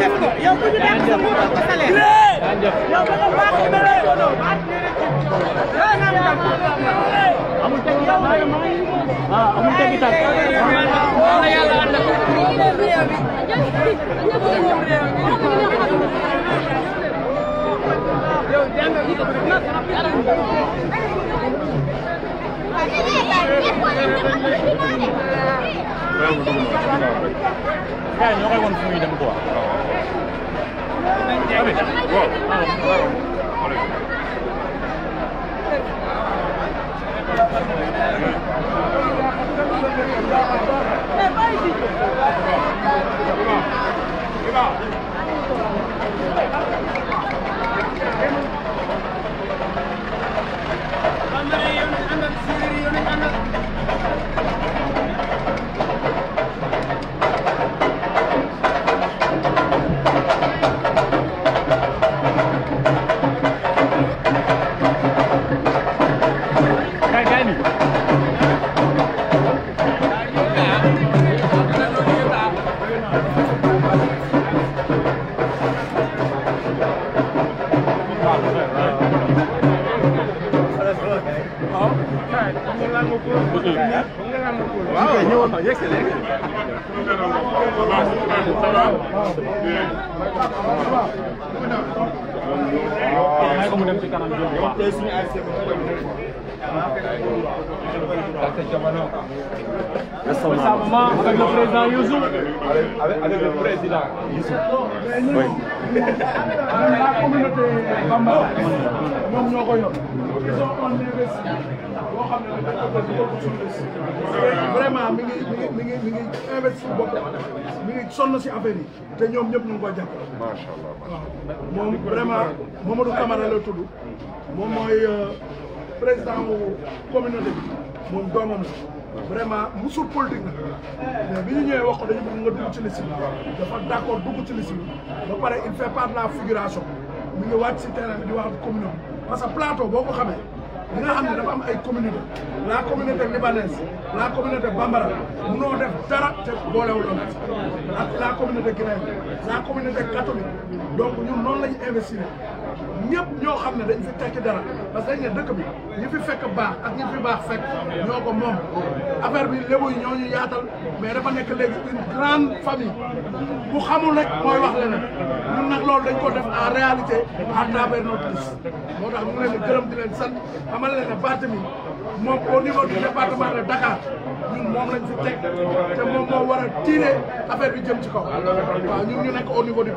def ko 哎，你给我注意点嘛！哦。sonn si affaire yi te ñoom ñëpp ñu ngi koy jàppale. macha allah waaw moom vraiment a Camara la moom mooy euh, président wu communauté bi moom doomam la vraiment musul politique na mais bi ñu ñëwee wax ko dañu bëgg nga dugg ci liste bi dafa d' accord dugg ci liste bi ba pare il fait part de la figuration mi ngi wàcc si terrain bi di wax ak commune parce que plateau boo ko xamee. bi nga xam ne dafa am ay communauté la communauté libanaise la communauté bambara munoo def dara te boolewuloon ak la communauté guinéenne la communauté catholique donc ñun noonu la ñu investir ñëpp ñoo xam ne dañ fi tekki dara parce que dañ ne dëkk bi ñu fi fekk baax ak ñu fi baax fekk ñoo ko moom affaire bi lébu yi ñoo ñu yaatal mais dafa nekk léegi une grande famille bu xamul rek mooy wax leneen ñun nag loolu dañ ko def en réalité à travers notre liste moo tax ñu leen di gërëm di leen sant xamal ne Barth mi moom au niveau du département de Dakar ñun moom lañ fi te moom moo war a tiire affaire bi jëm ci kaw waaw ñun ñu nekk au niveau du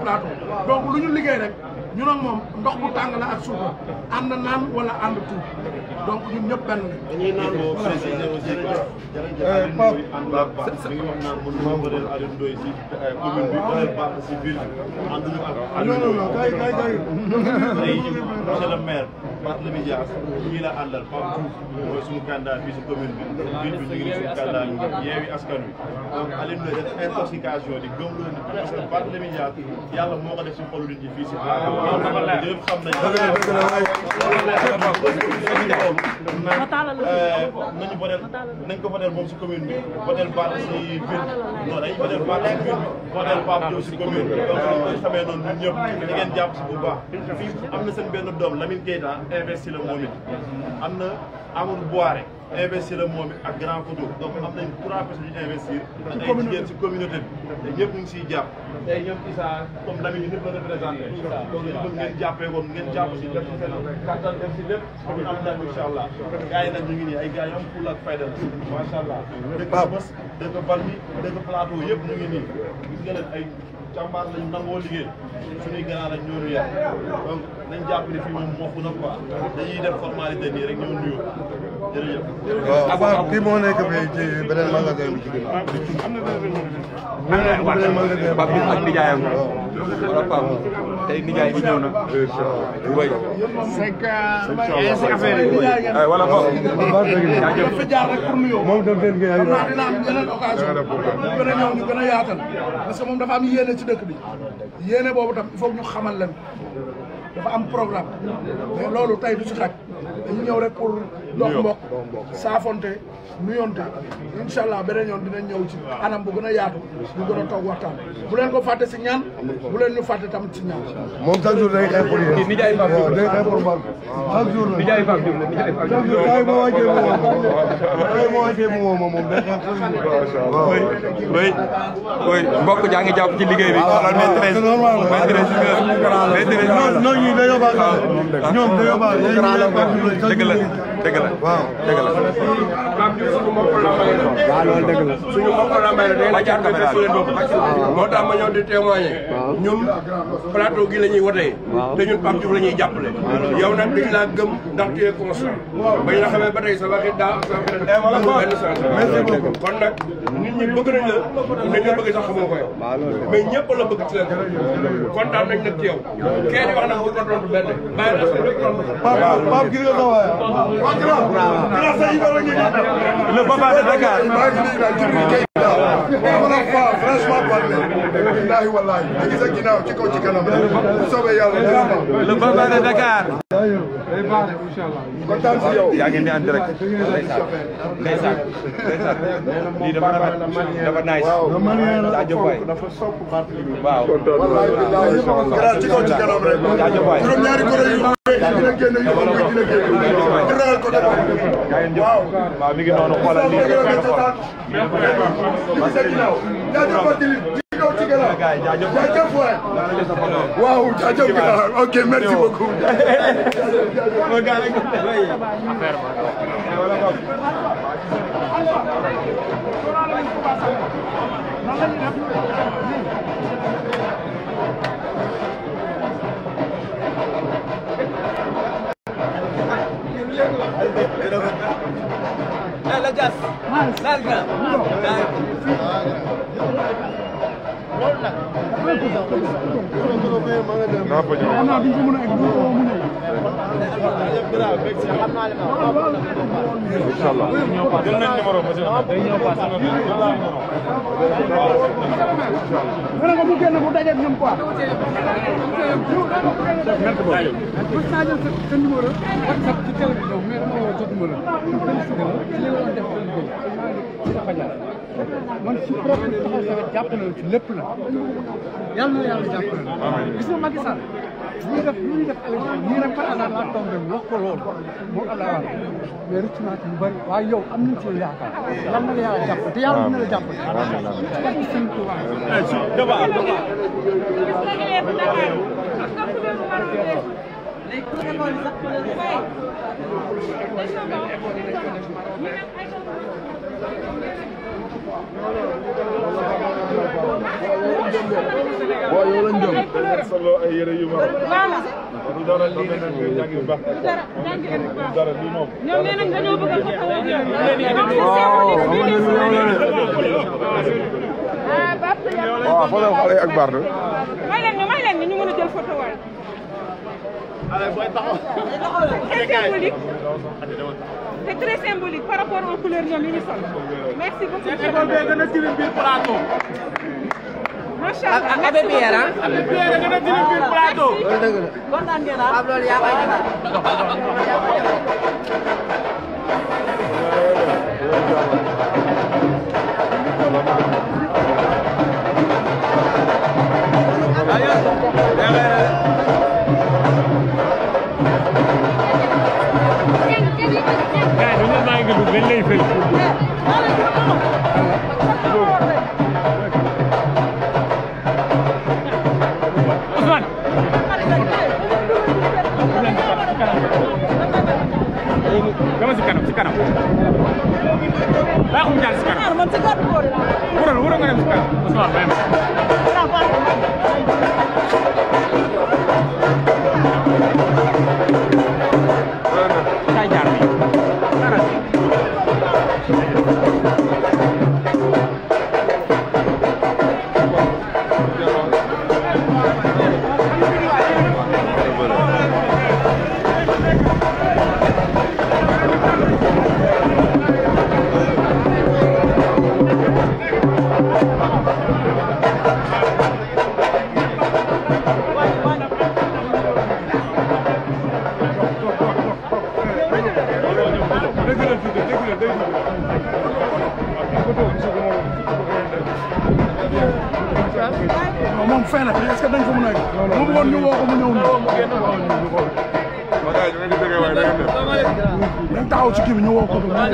donc lu ñu liggéey rek ñu nag mom ndox bu tang la ak suuf and naan wala and tu donc ñun ñep ben la. dañuy naan mo euh, jërëjëf la nañu voté nañ ko voté moom si commune bi voté Ba si ville non dañuy voté Ba si ville voté Ba ñëw si commune bi donc ñu xamee noonu ñun ñëpp da ngeen jàpp si bu baax fii am na seen benn doom Lamine Keita investi la moom it am na Amadou Boiré investir la moom it ak grand photo donc am nañ trois personnes yu investir. ci communauté ay jigéen si communauté bi. te ñëpp ñu ngi siy jàpp. tey ñoom Issa comme la représenté. donc ñu bëgg ngeen jàppee woon ngeen jàpp si def si seen kattan def si lépp. am na ndam incha allah. nii ay gars Plateau yëpp ñu ngi nii gis nga leen ay. jàmbaar lañ nangoo liggéey suñuy ganaar ak ñoonu yar donc nañ jàpp ne fii moom mokk na quoi dañuy def formalité nii rek ñoo nuyoo waaw avant kii moo nekk fii ci beneen magasin bi ci ginnaaw. am na beneen magasin bi ak nijaayam wala Pape tey nijaay bi ñëw na. oui. c'est que ay si affaire yi. Eh, wala Pape. moom tam seen kii ay. xam naa dina am yeneen occasion ñu gën a ñëw ñu gën a yaatal. parce que moom dafa am yéene ci dëkk bi. yéene boobu tam il faut ñu xamal leen dafa am programme mais loolu tey du si xaj dañu ñëw rek pour. dox mbokk saafonte nuyonte incha allah beneen yoon dinañ ñëw ci anam bu gën a yaatu bu gën a toog waxtaan bu leen ko fàtte si ñaan bu leen ñu fàtte tamit si ñaan moom chaque jour day xeex pour yéen ni jaay Pape Diouf day xeex pour Pape chaque mo wàccee mu woo jaa ngi jàpp ci liggéey bi ah, xoolal maîtresse maîtresse maîtresse non ñi ah, ñoom dañoo baax ah. dëgg la waaw dëgg la. Pape Diouf suñu mbokku lambay la. waaw loolu dëgg la. suñu mbokku lambay la day la jàppale su leen bopp. moo tax ma ñëw di témoigner. ñun plateau gi la ñuy wotee. te ñun Pape Diouf la ñuy jàppale. yow nag dañ laa gëm ndax tu es constant. ba ñu la xamee ba tey sa waxi daa kon nag nit ñi bëgg nañ la nit bëgg sax xamoo ko yow. ñëpp la bëgg ci la kontaan nañ nag ci yow. kenn wax na ko tontu benn bàyyi la sa Le papa de Dakar. billaahi wallaahi li ngi sa ginnaaw ci kaw ci kanam bu soobee yàlla def le baba de Dakar day baax inshallah kontaan si yow yaa ngi ni en direct ndeysaan ndeysaan lii dafa rafet dafa nice Sadio Faye dafa sopp waaw wallaahi billaahi ci kaw ci kanam rek Sadio Faye juróom ñaari ko yu dina génn yu ko dina génn waaw waaw mi ngi noonu xoolal lii non, tu Ok, merci beaucoup. naa fa ñëw. incha allah. jël nañ numéro monsieur. wala nga bu génn bu dajeeg ñoom quoi. merci beaucoup. saa jël sa numéro WhatsApp ci télévision mais dama la jot numéro. ci li nga doon def man su prof bi taxaw sa wet jàppale ci lépp la yàlla na yàlla jàppale la gis nga Macky Sall bu ñu def bu ñu def élection nii rek par hasard laa tombé wax ko loolu moo alaawal mais rëcc naa ci lu bëri waaye yow am nañu ci yaakaar lan na la yàlla jàppale te yàlla dina la jàppale ci seen Tuuba Thank you. waaw yow lañ jëm. solo ay yére yu mar. du dara lii nag jàngi bu baax. du dara lii moom. ñoom nee nañ dañoo bëgg a waaw waaw xoolal xale ak Barth. may leen ñu may leen ñu mën a jël photo waay. allez booy taxaw. c'est très symbolique par rapport aux couleurs ñoom yi ñu sol. merci beaucoup. seen école bee gën a tilim biir plateau. macha allah ak Abbé Pierre ah. Abbé Pierre gën a tilim biir plateau. loolu dëgg la kontaan ngeen ah. loolu yaa koy defar. Yeah, yeah, yeah. Venle feliz. Osman. Dama si kanam si kanam. Baaxum jaar si kanam. Wural wural nga dem si kanam. Osman, bàyyi ma. non moom fay na est-ce que dañ fa mën a mu bëggoon ñu woo ko mu ñëw ñu. nañ taxaw ci kii bi ñu woo ko du ñu.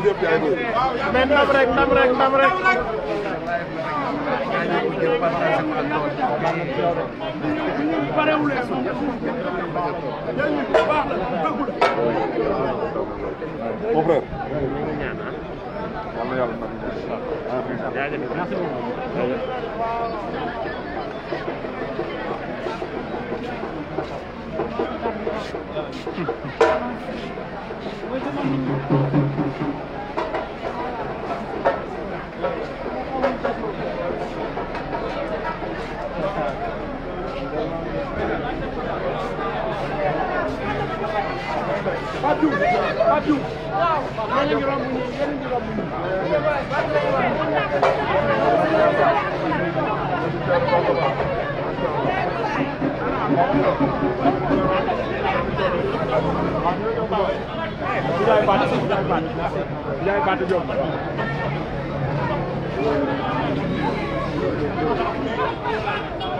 mais ndam rek ndam rek ndam rek. mon frère. wala yàlla na. Maju, Thank you. Bilal Batu, Bilal Thank you.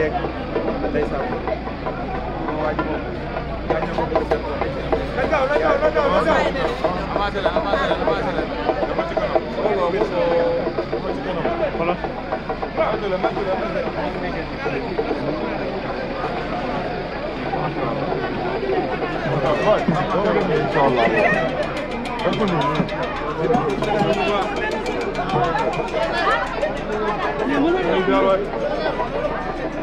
yeeg day sàmm moom waa ji moom gaañ na ko bëgg seen bopp. nañ gaaw nañ gaaw nañ gaaw nañ gaaw. avancé la avancé la avancé la. dama ci kanam. waaw bis dama ci kanam. voilà. waaw dëgg la man dëgg la man dëgg la. waaw waaw. incha allah.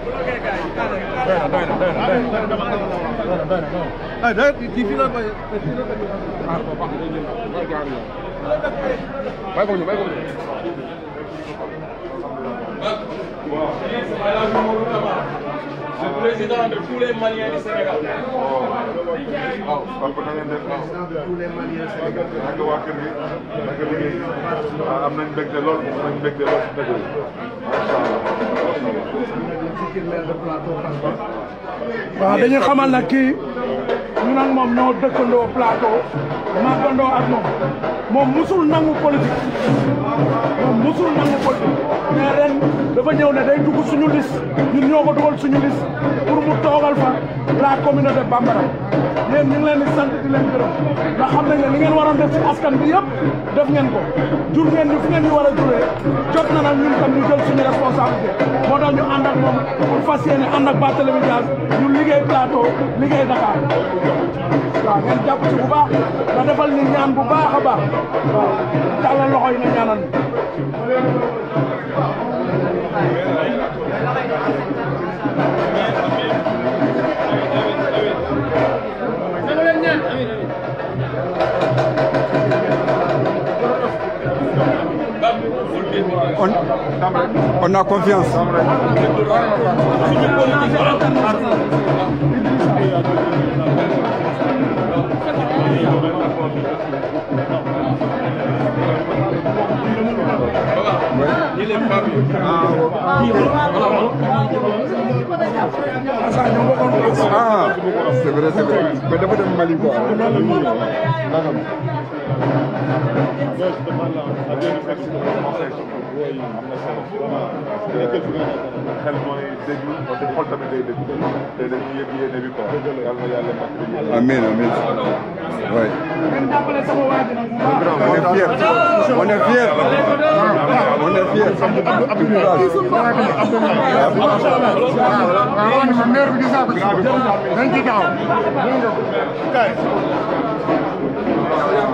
Le président de tous les Maliens du Sénégal. waaw waaw kon da ngeen def waaw. naka waa kër gi naka liggéey am nañ mbégte lool am nañ mbégte lool si dëkk bi. waaw dañuy xamal nag kii ñu nag moom ñoo dëkkandoo plateau màggandoo ak moom moom musul nangu politique moom musul nangu politique mais ren dafa ñëw ne day dugg suñu liste ñun ñoo ko dugal suñu liste pour mu toogal fa la communauté bambara yéen ñu ngi leen di sant di leen gërëm ndax xam nañ ne li ngeen waroon def ci askan bi yëpp def ngeen ko jur ngeen ñu fi ngeen ñu war a jot na nag ñun tam ñu jël suñu responsabilité moo tax ñu ànd ak moom pour fas yéene ak Barthélémy Dias ñu liggéey plateau liggéey Dakar waaw ngeen jàpp bu baax nga defal ni ñaan bu baax a baax waaw tàllal loxo yi nga ñaanal confiance. Il est fabuleux. Ah, c'est vrai, c'est vrai. Mais d'abord, je vais da Allah affaire bi fekk booy yi am na solo vraiment nekkal fi nga xel mooy dégg te xol tamit day dégg te dañuy yëg yéene bi quoi yàlla na yàlla mat amiin amiin oui on est fier on est fier on est fier on est fier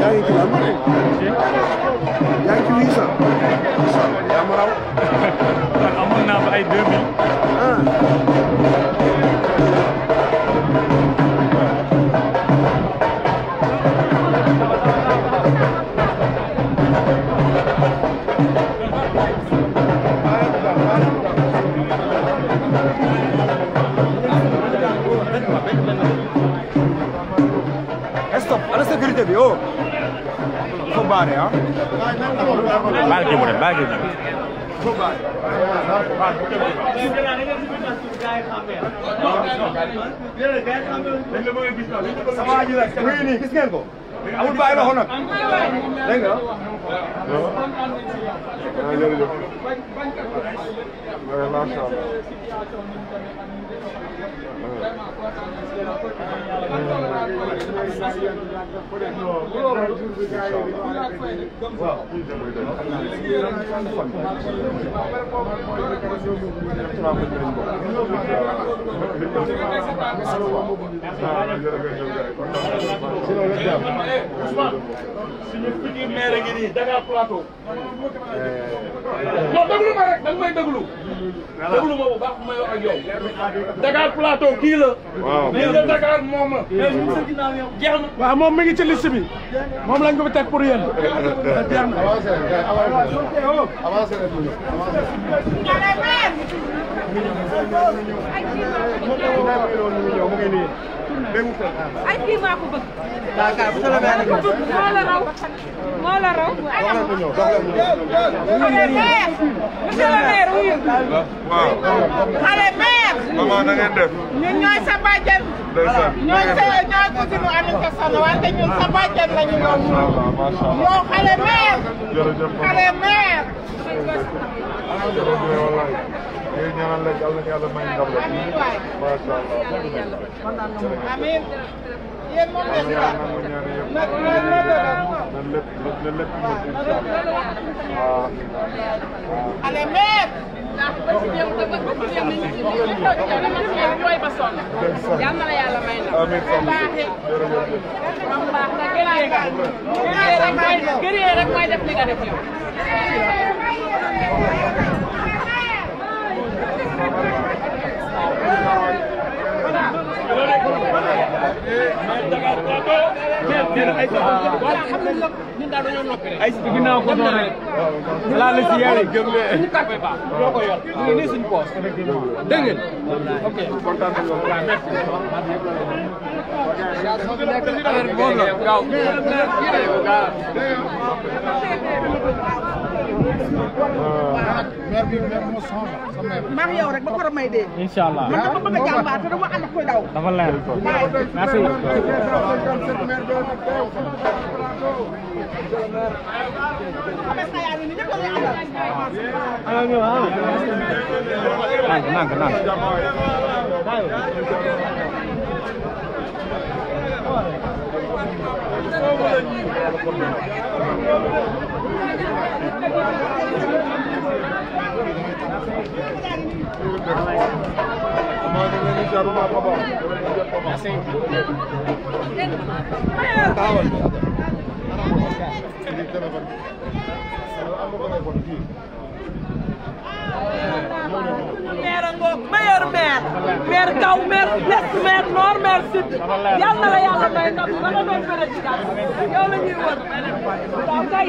yaay ki lan yaay ki 800 yaa ma raw man amoon naa fa ay 2000 ah Stop, ana security bi, oh. body, huh? Back with it, back it. Really? Thank you. Ah, macha allah. waaw. ñu suñuy maire ngi nii Dakar Plateau. non déglu ma rek da nga may déglu. déglu ma bu baax may wax ak yow. Dakar Plateau kii la. waaw lii la Dakar moom la. jeex na. ay kii maa ko bëgg. daa kaa bu soobee maa ko bëgg moo la raw moo la raw. anam bu xale maire monsieur le maire wuyu. waaw xale maire. maman na ngeen def. ñun ñooy sa bàjjen. ñooy sa ñooy cousine Aminata Sono wante ñun sa bàjjen lañu doon. yow xale maire. xale maire. ñu ñaanal la yàlla na yàlla may ndam la macha allah. amiin. yéen moom la ñu wax na lépp na lépp allez maire. yal na la yàlla may ndam. amiin jërëjëf. gërëm rek mooy def li nga def yow. ay si ginnaaw ko noonu rek laa la si yaay gëm ne suñu carte ba ñoo ko yor ñu ngi nii suñu poos dégg ngeen ok kontaan nañu waaw merci yaa soo nekk affaire boobu la gaaw maire bi maire moo soxla sa maire. maa ngi yow rek ba korom may dee. incha allah man dama bëgg a jàmbaar te dama ànd ak koy daw. dafa leer ko merci. nang ah. nang nang. Thank you. meera ngoog meilleur maire maire kaw maire l'est maire nord maire sud yal na la yàlla may ndam nga doon président yow la ñuy wër waaw kay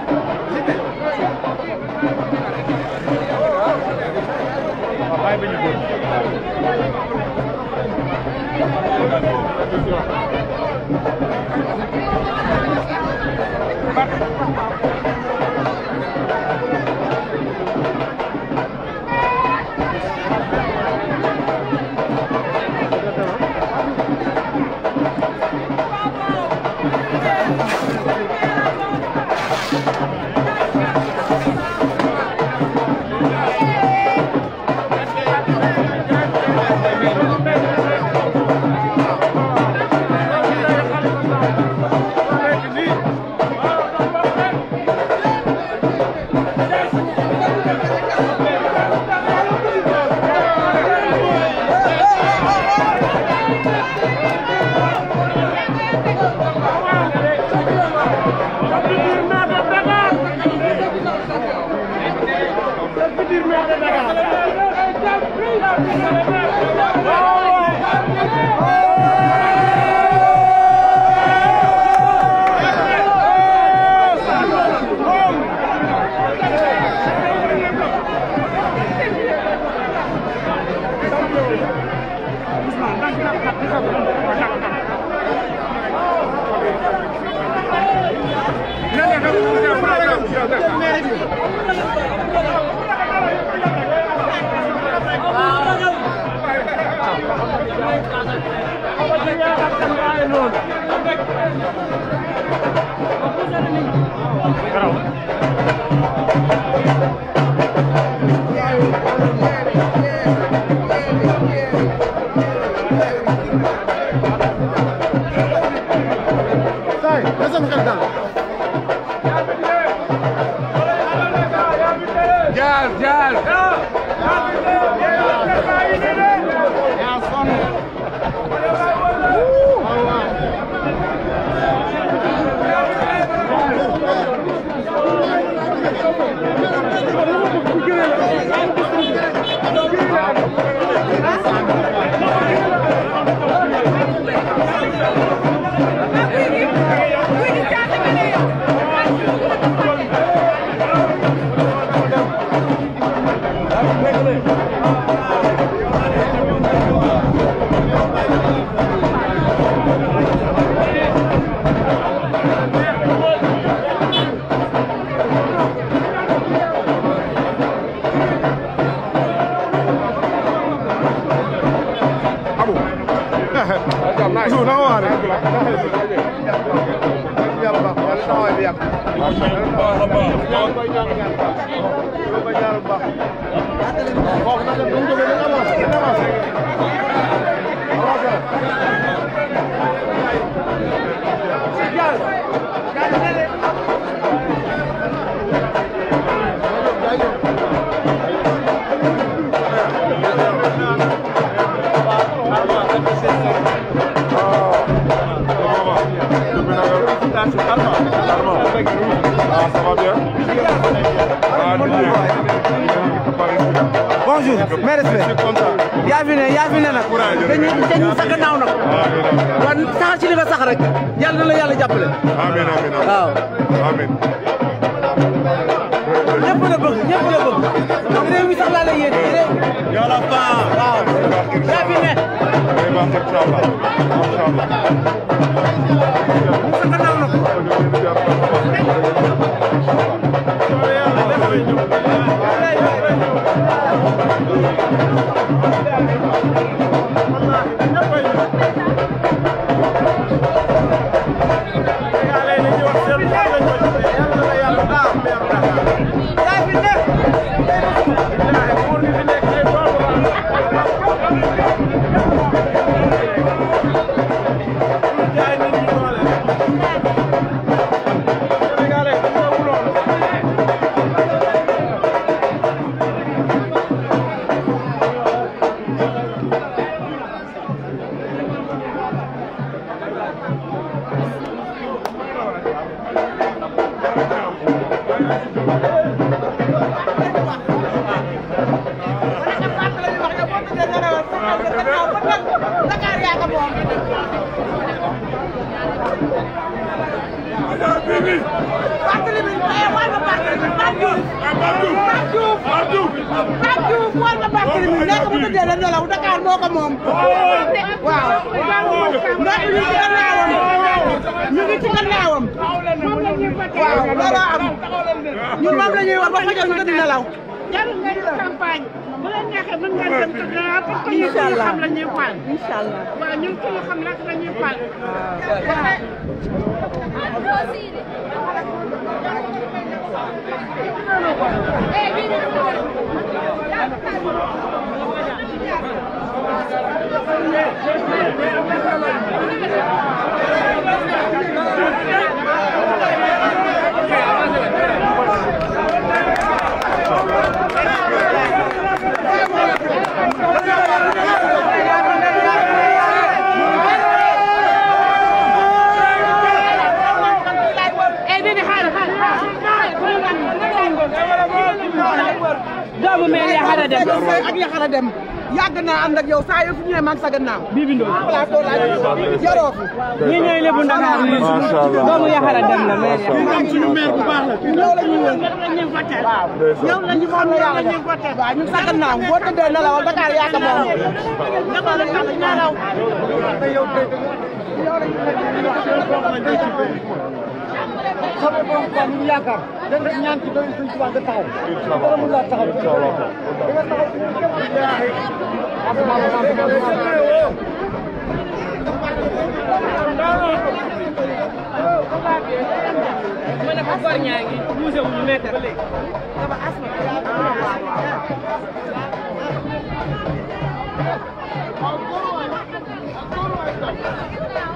vai bên đường. Bắt. Gracias. baax a baax macha allah macha allah Pape Diouf wóor na Barthélémy nekk bu tëddee la nelaw Dakar moo ko moom waaw ndax ñu ci gannaawam ñu ngi ci gannaawam waaw looloo am ñun moom la ñuy war ba fajar ñu tëdd nelaw jarul nga def campagne bu la neexee mën nga dem te gannaaw parce que ñun kii xam la ñuy fal. incha allah waaw ñun kii xam la ñuy fal. waaw waaw. Thank you. dem ak yaxara dem yàgg naa ànd ak yow saa man sa gannaaw. bii bi Ndoye plateau laa yoroo fi. ñi ñooy lébu Ndakaar yi doomu yaxara dem la mais. ñu am suñu maire bu baax la. yow la ñu woon yow la ñu woon yaa ko moom. xamal borom Tuubaa ñu yaakaar dañ def ñaan ci doy suñ Tuubaa nga taxaw dara mun laa taxaw incha allah da nga taxaw suñu képp ma ne ko góor ñaa ngi bougé wuñu mètre ba léegi dama asma Oh,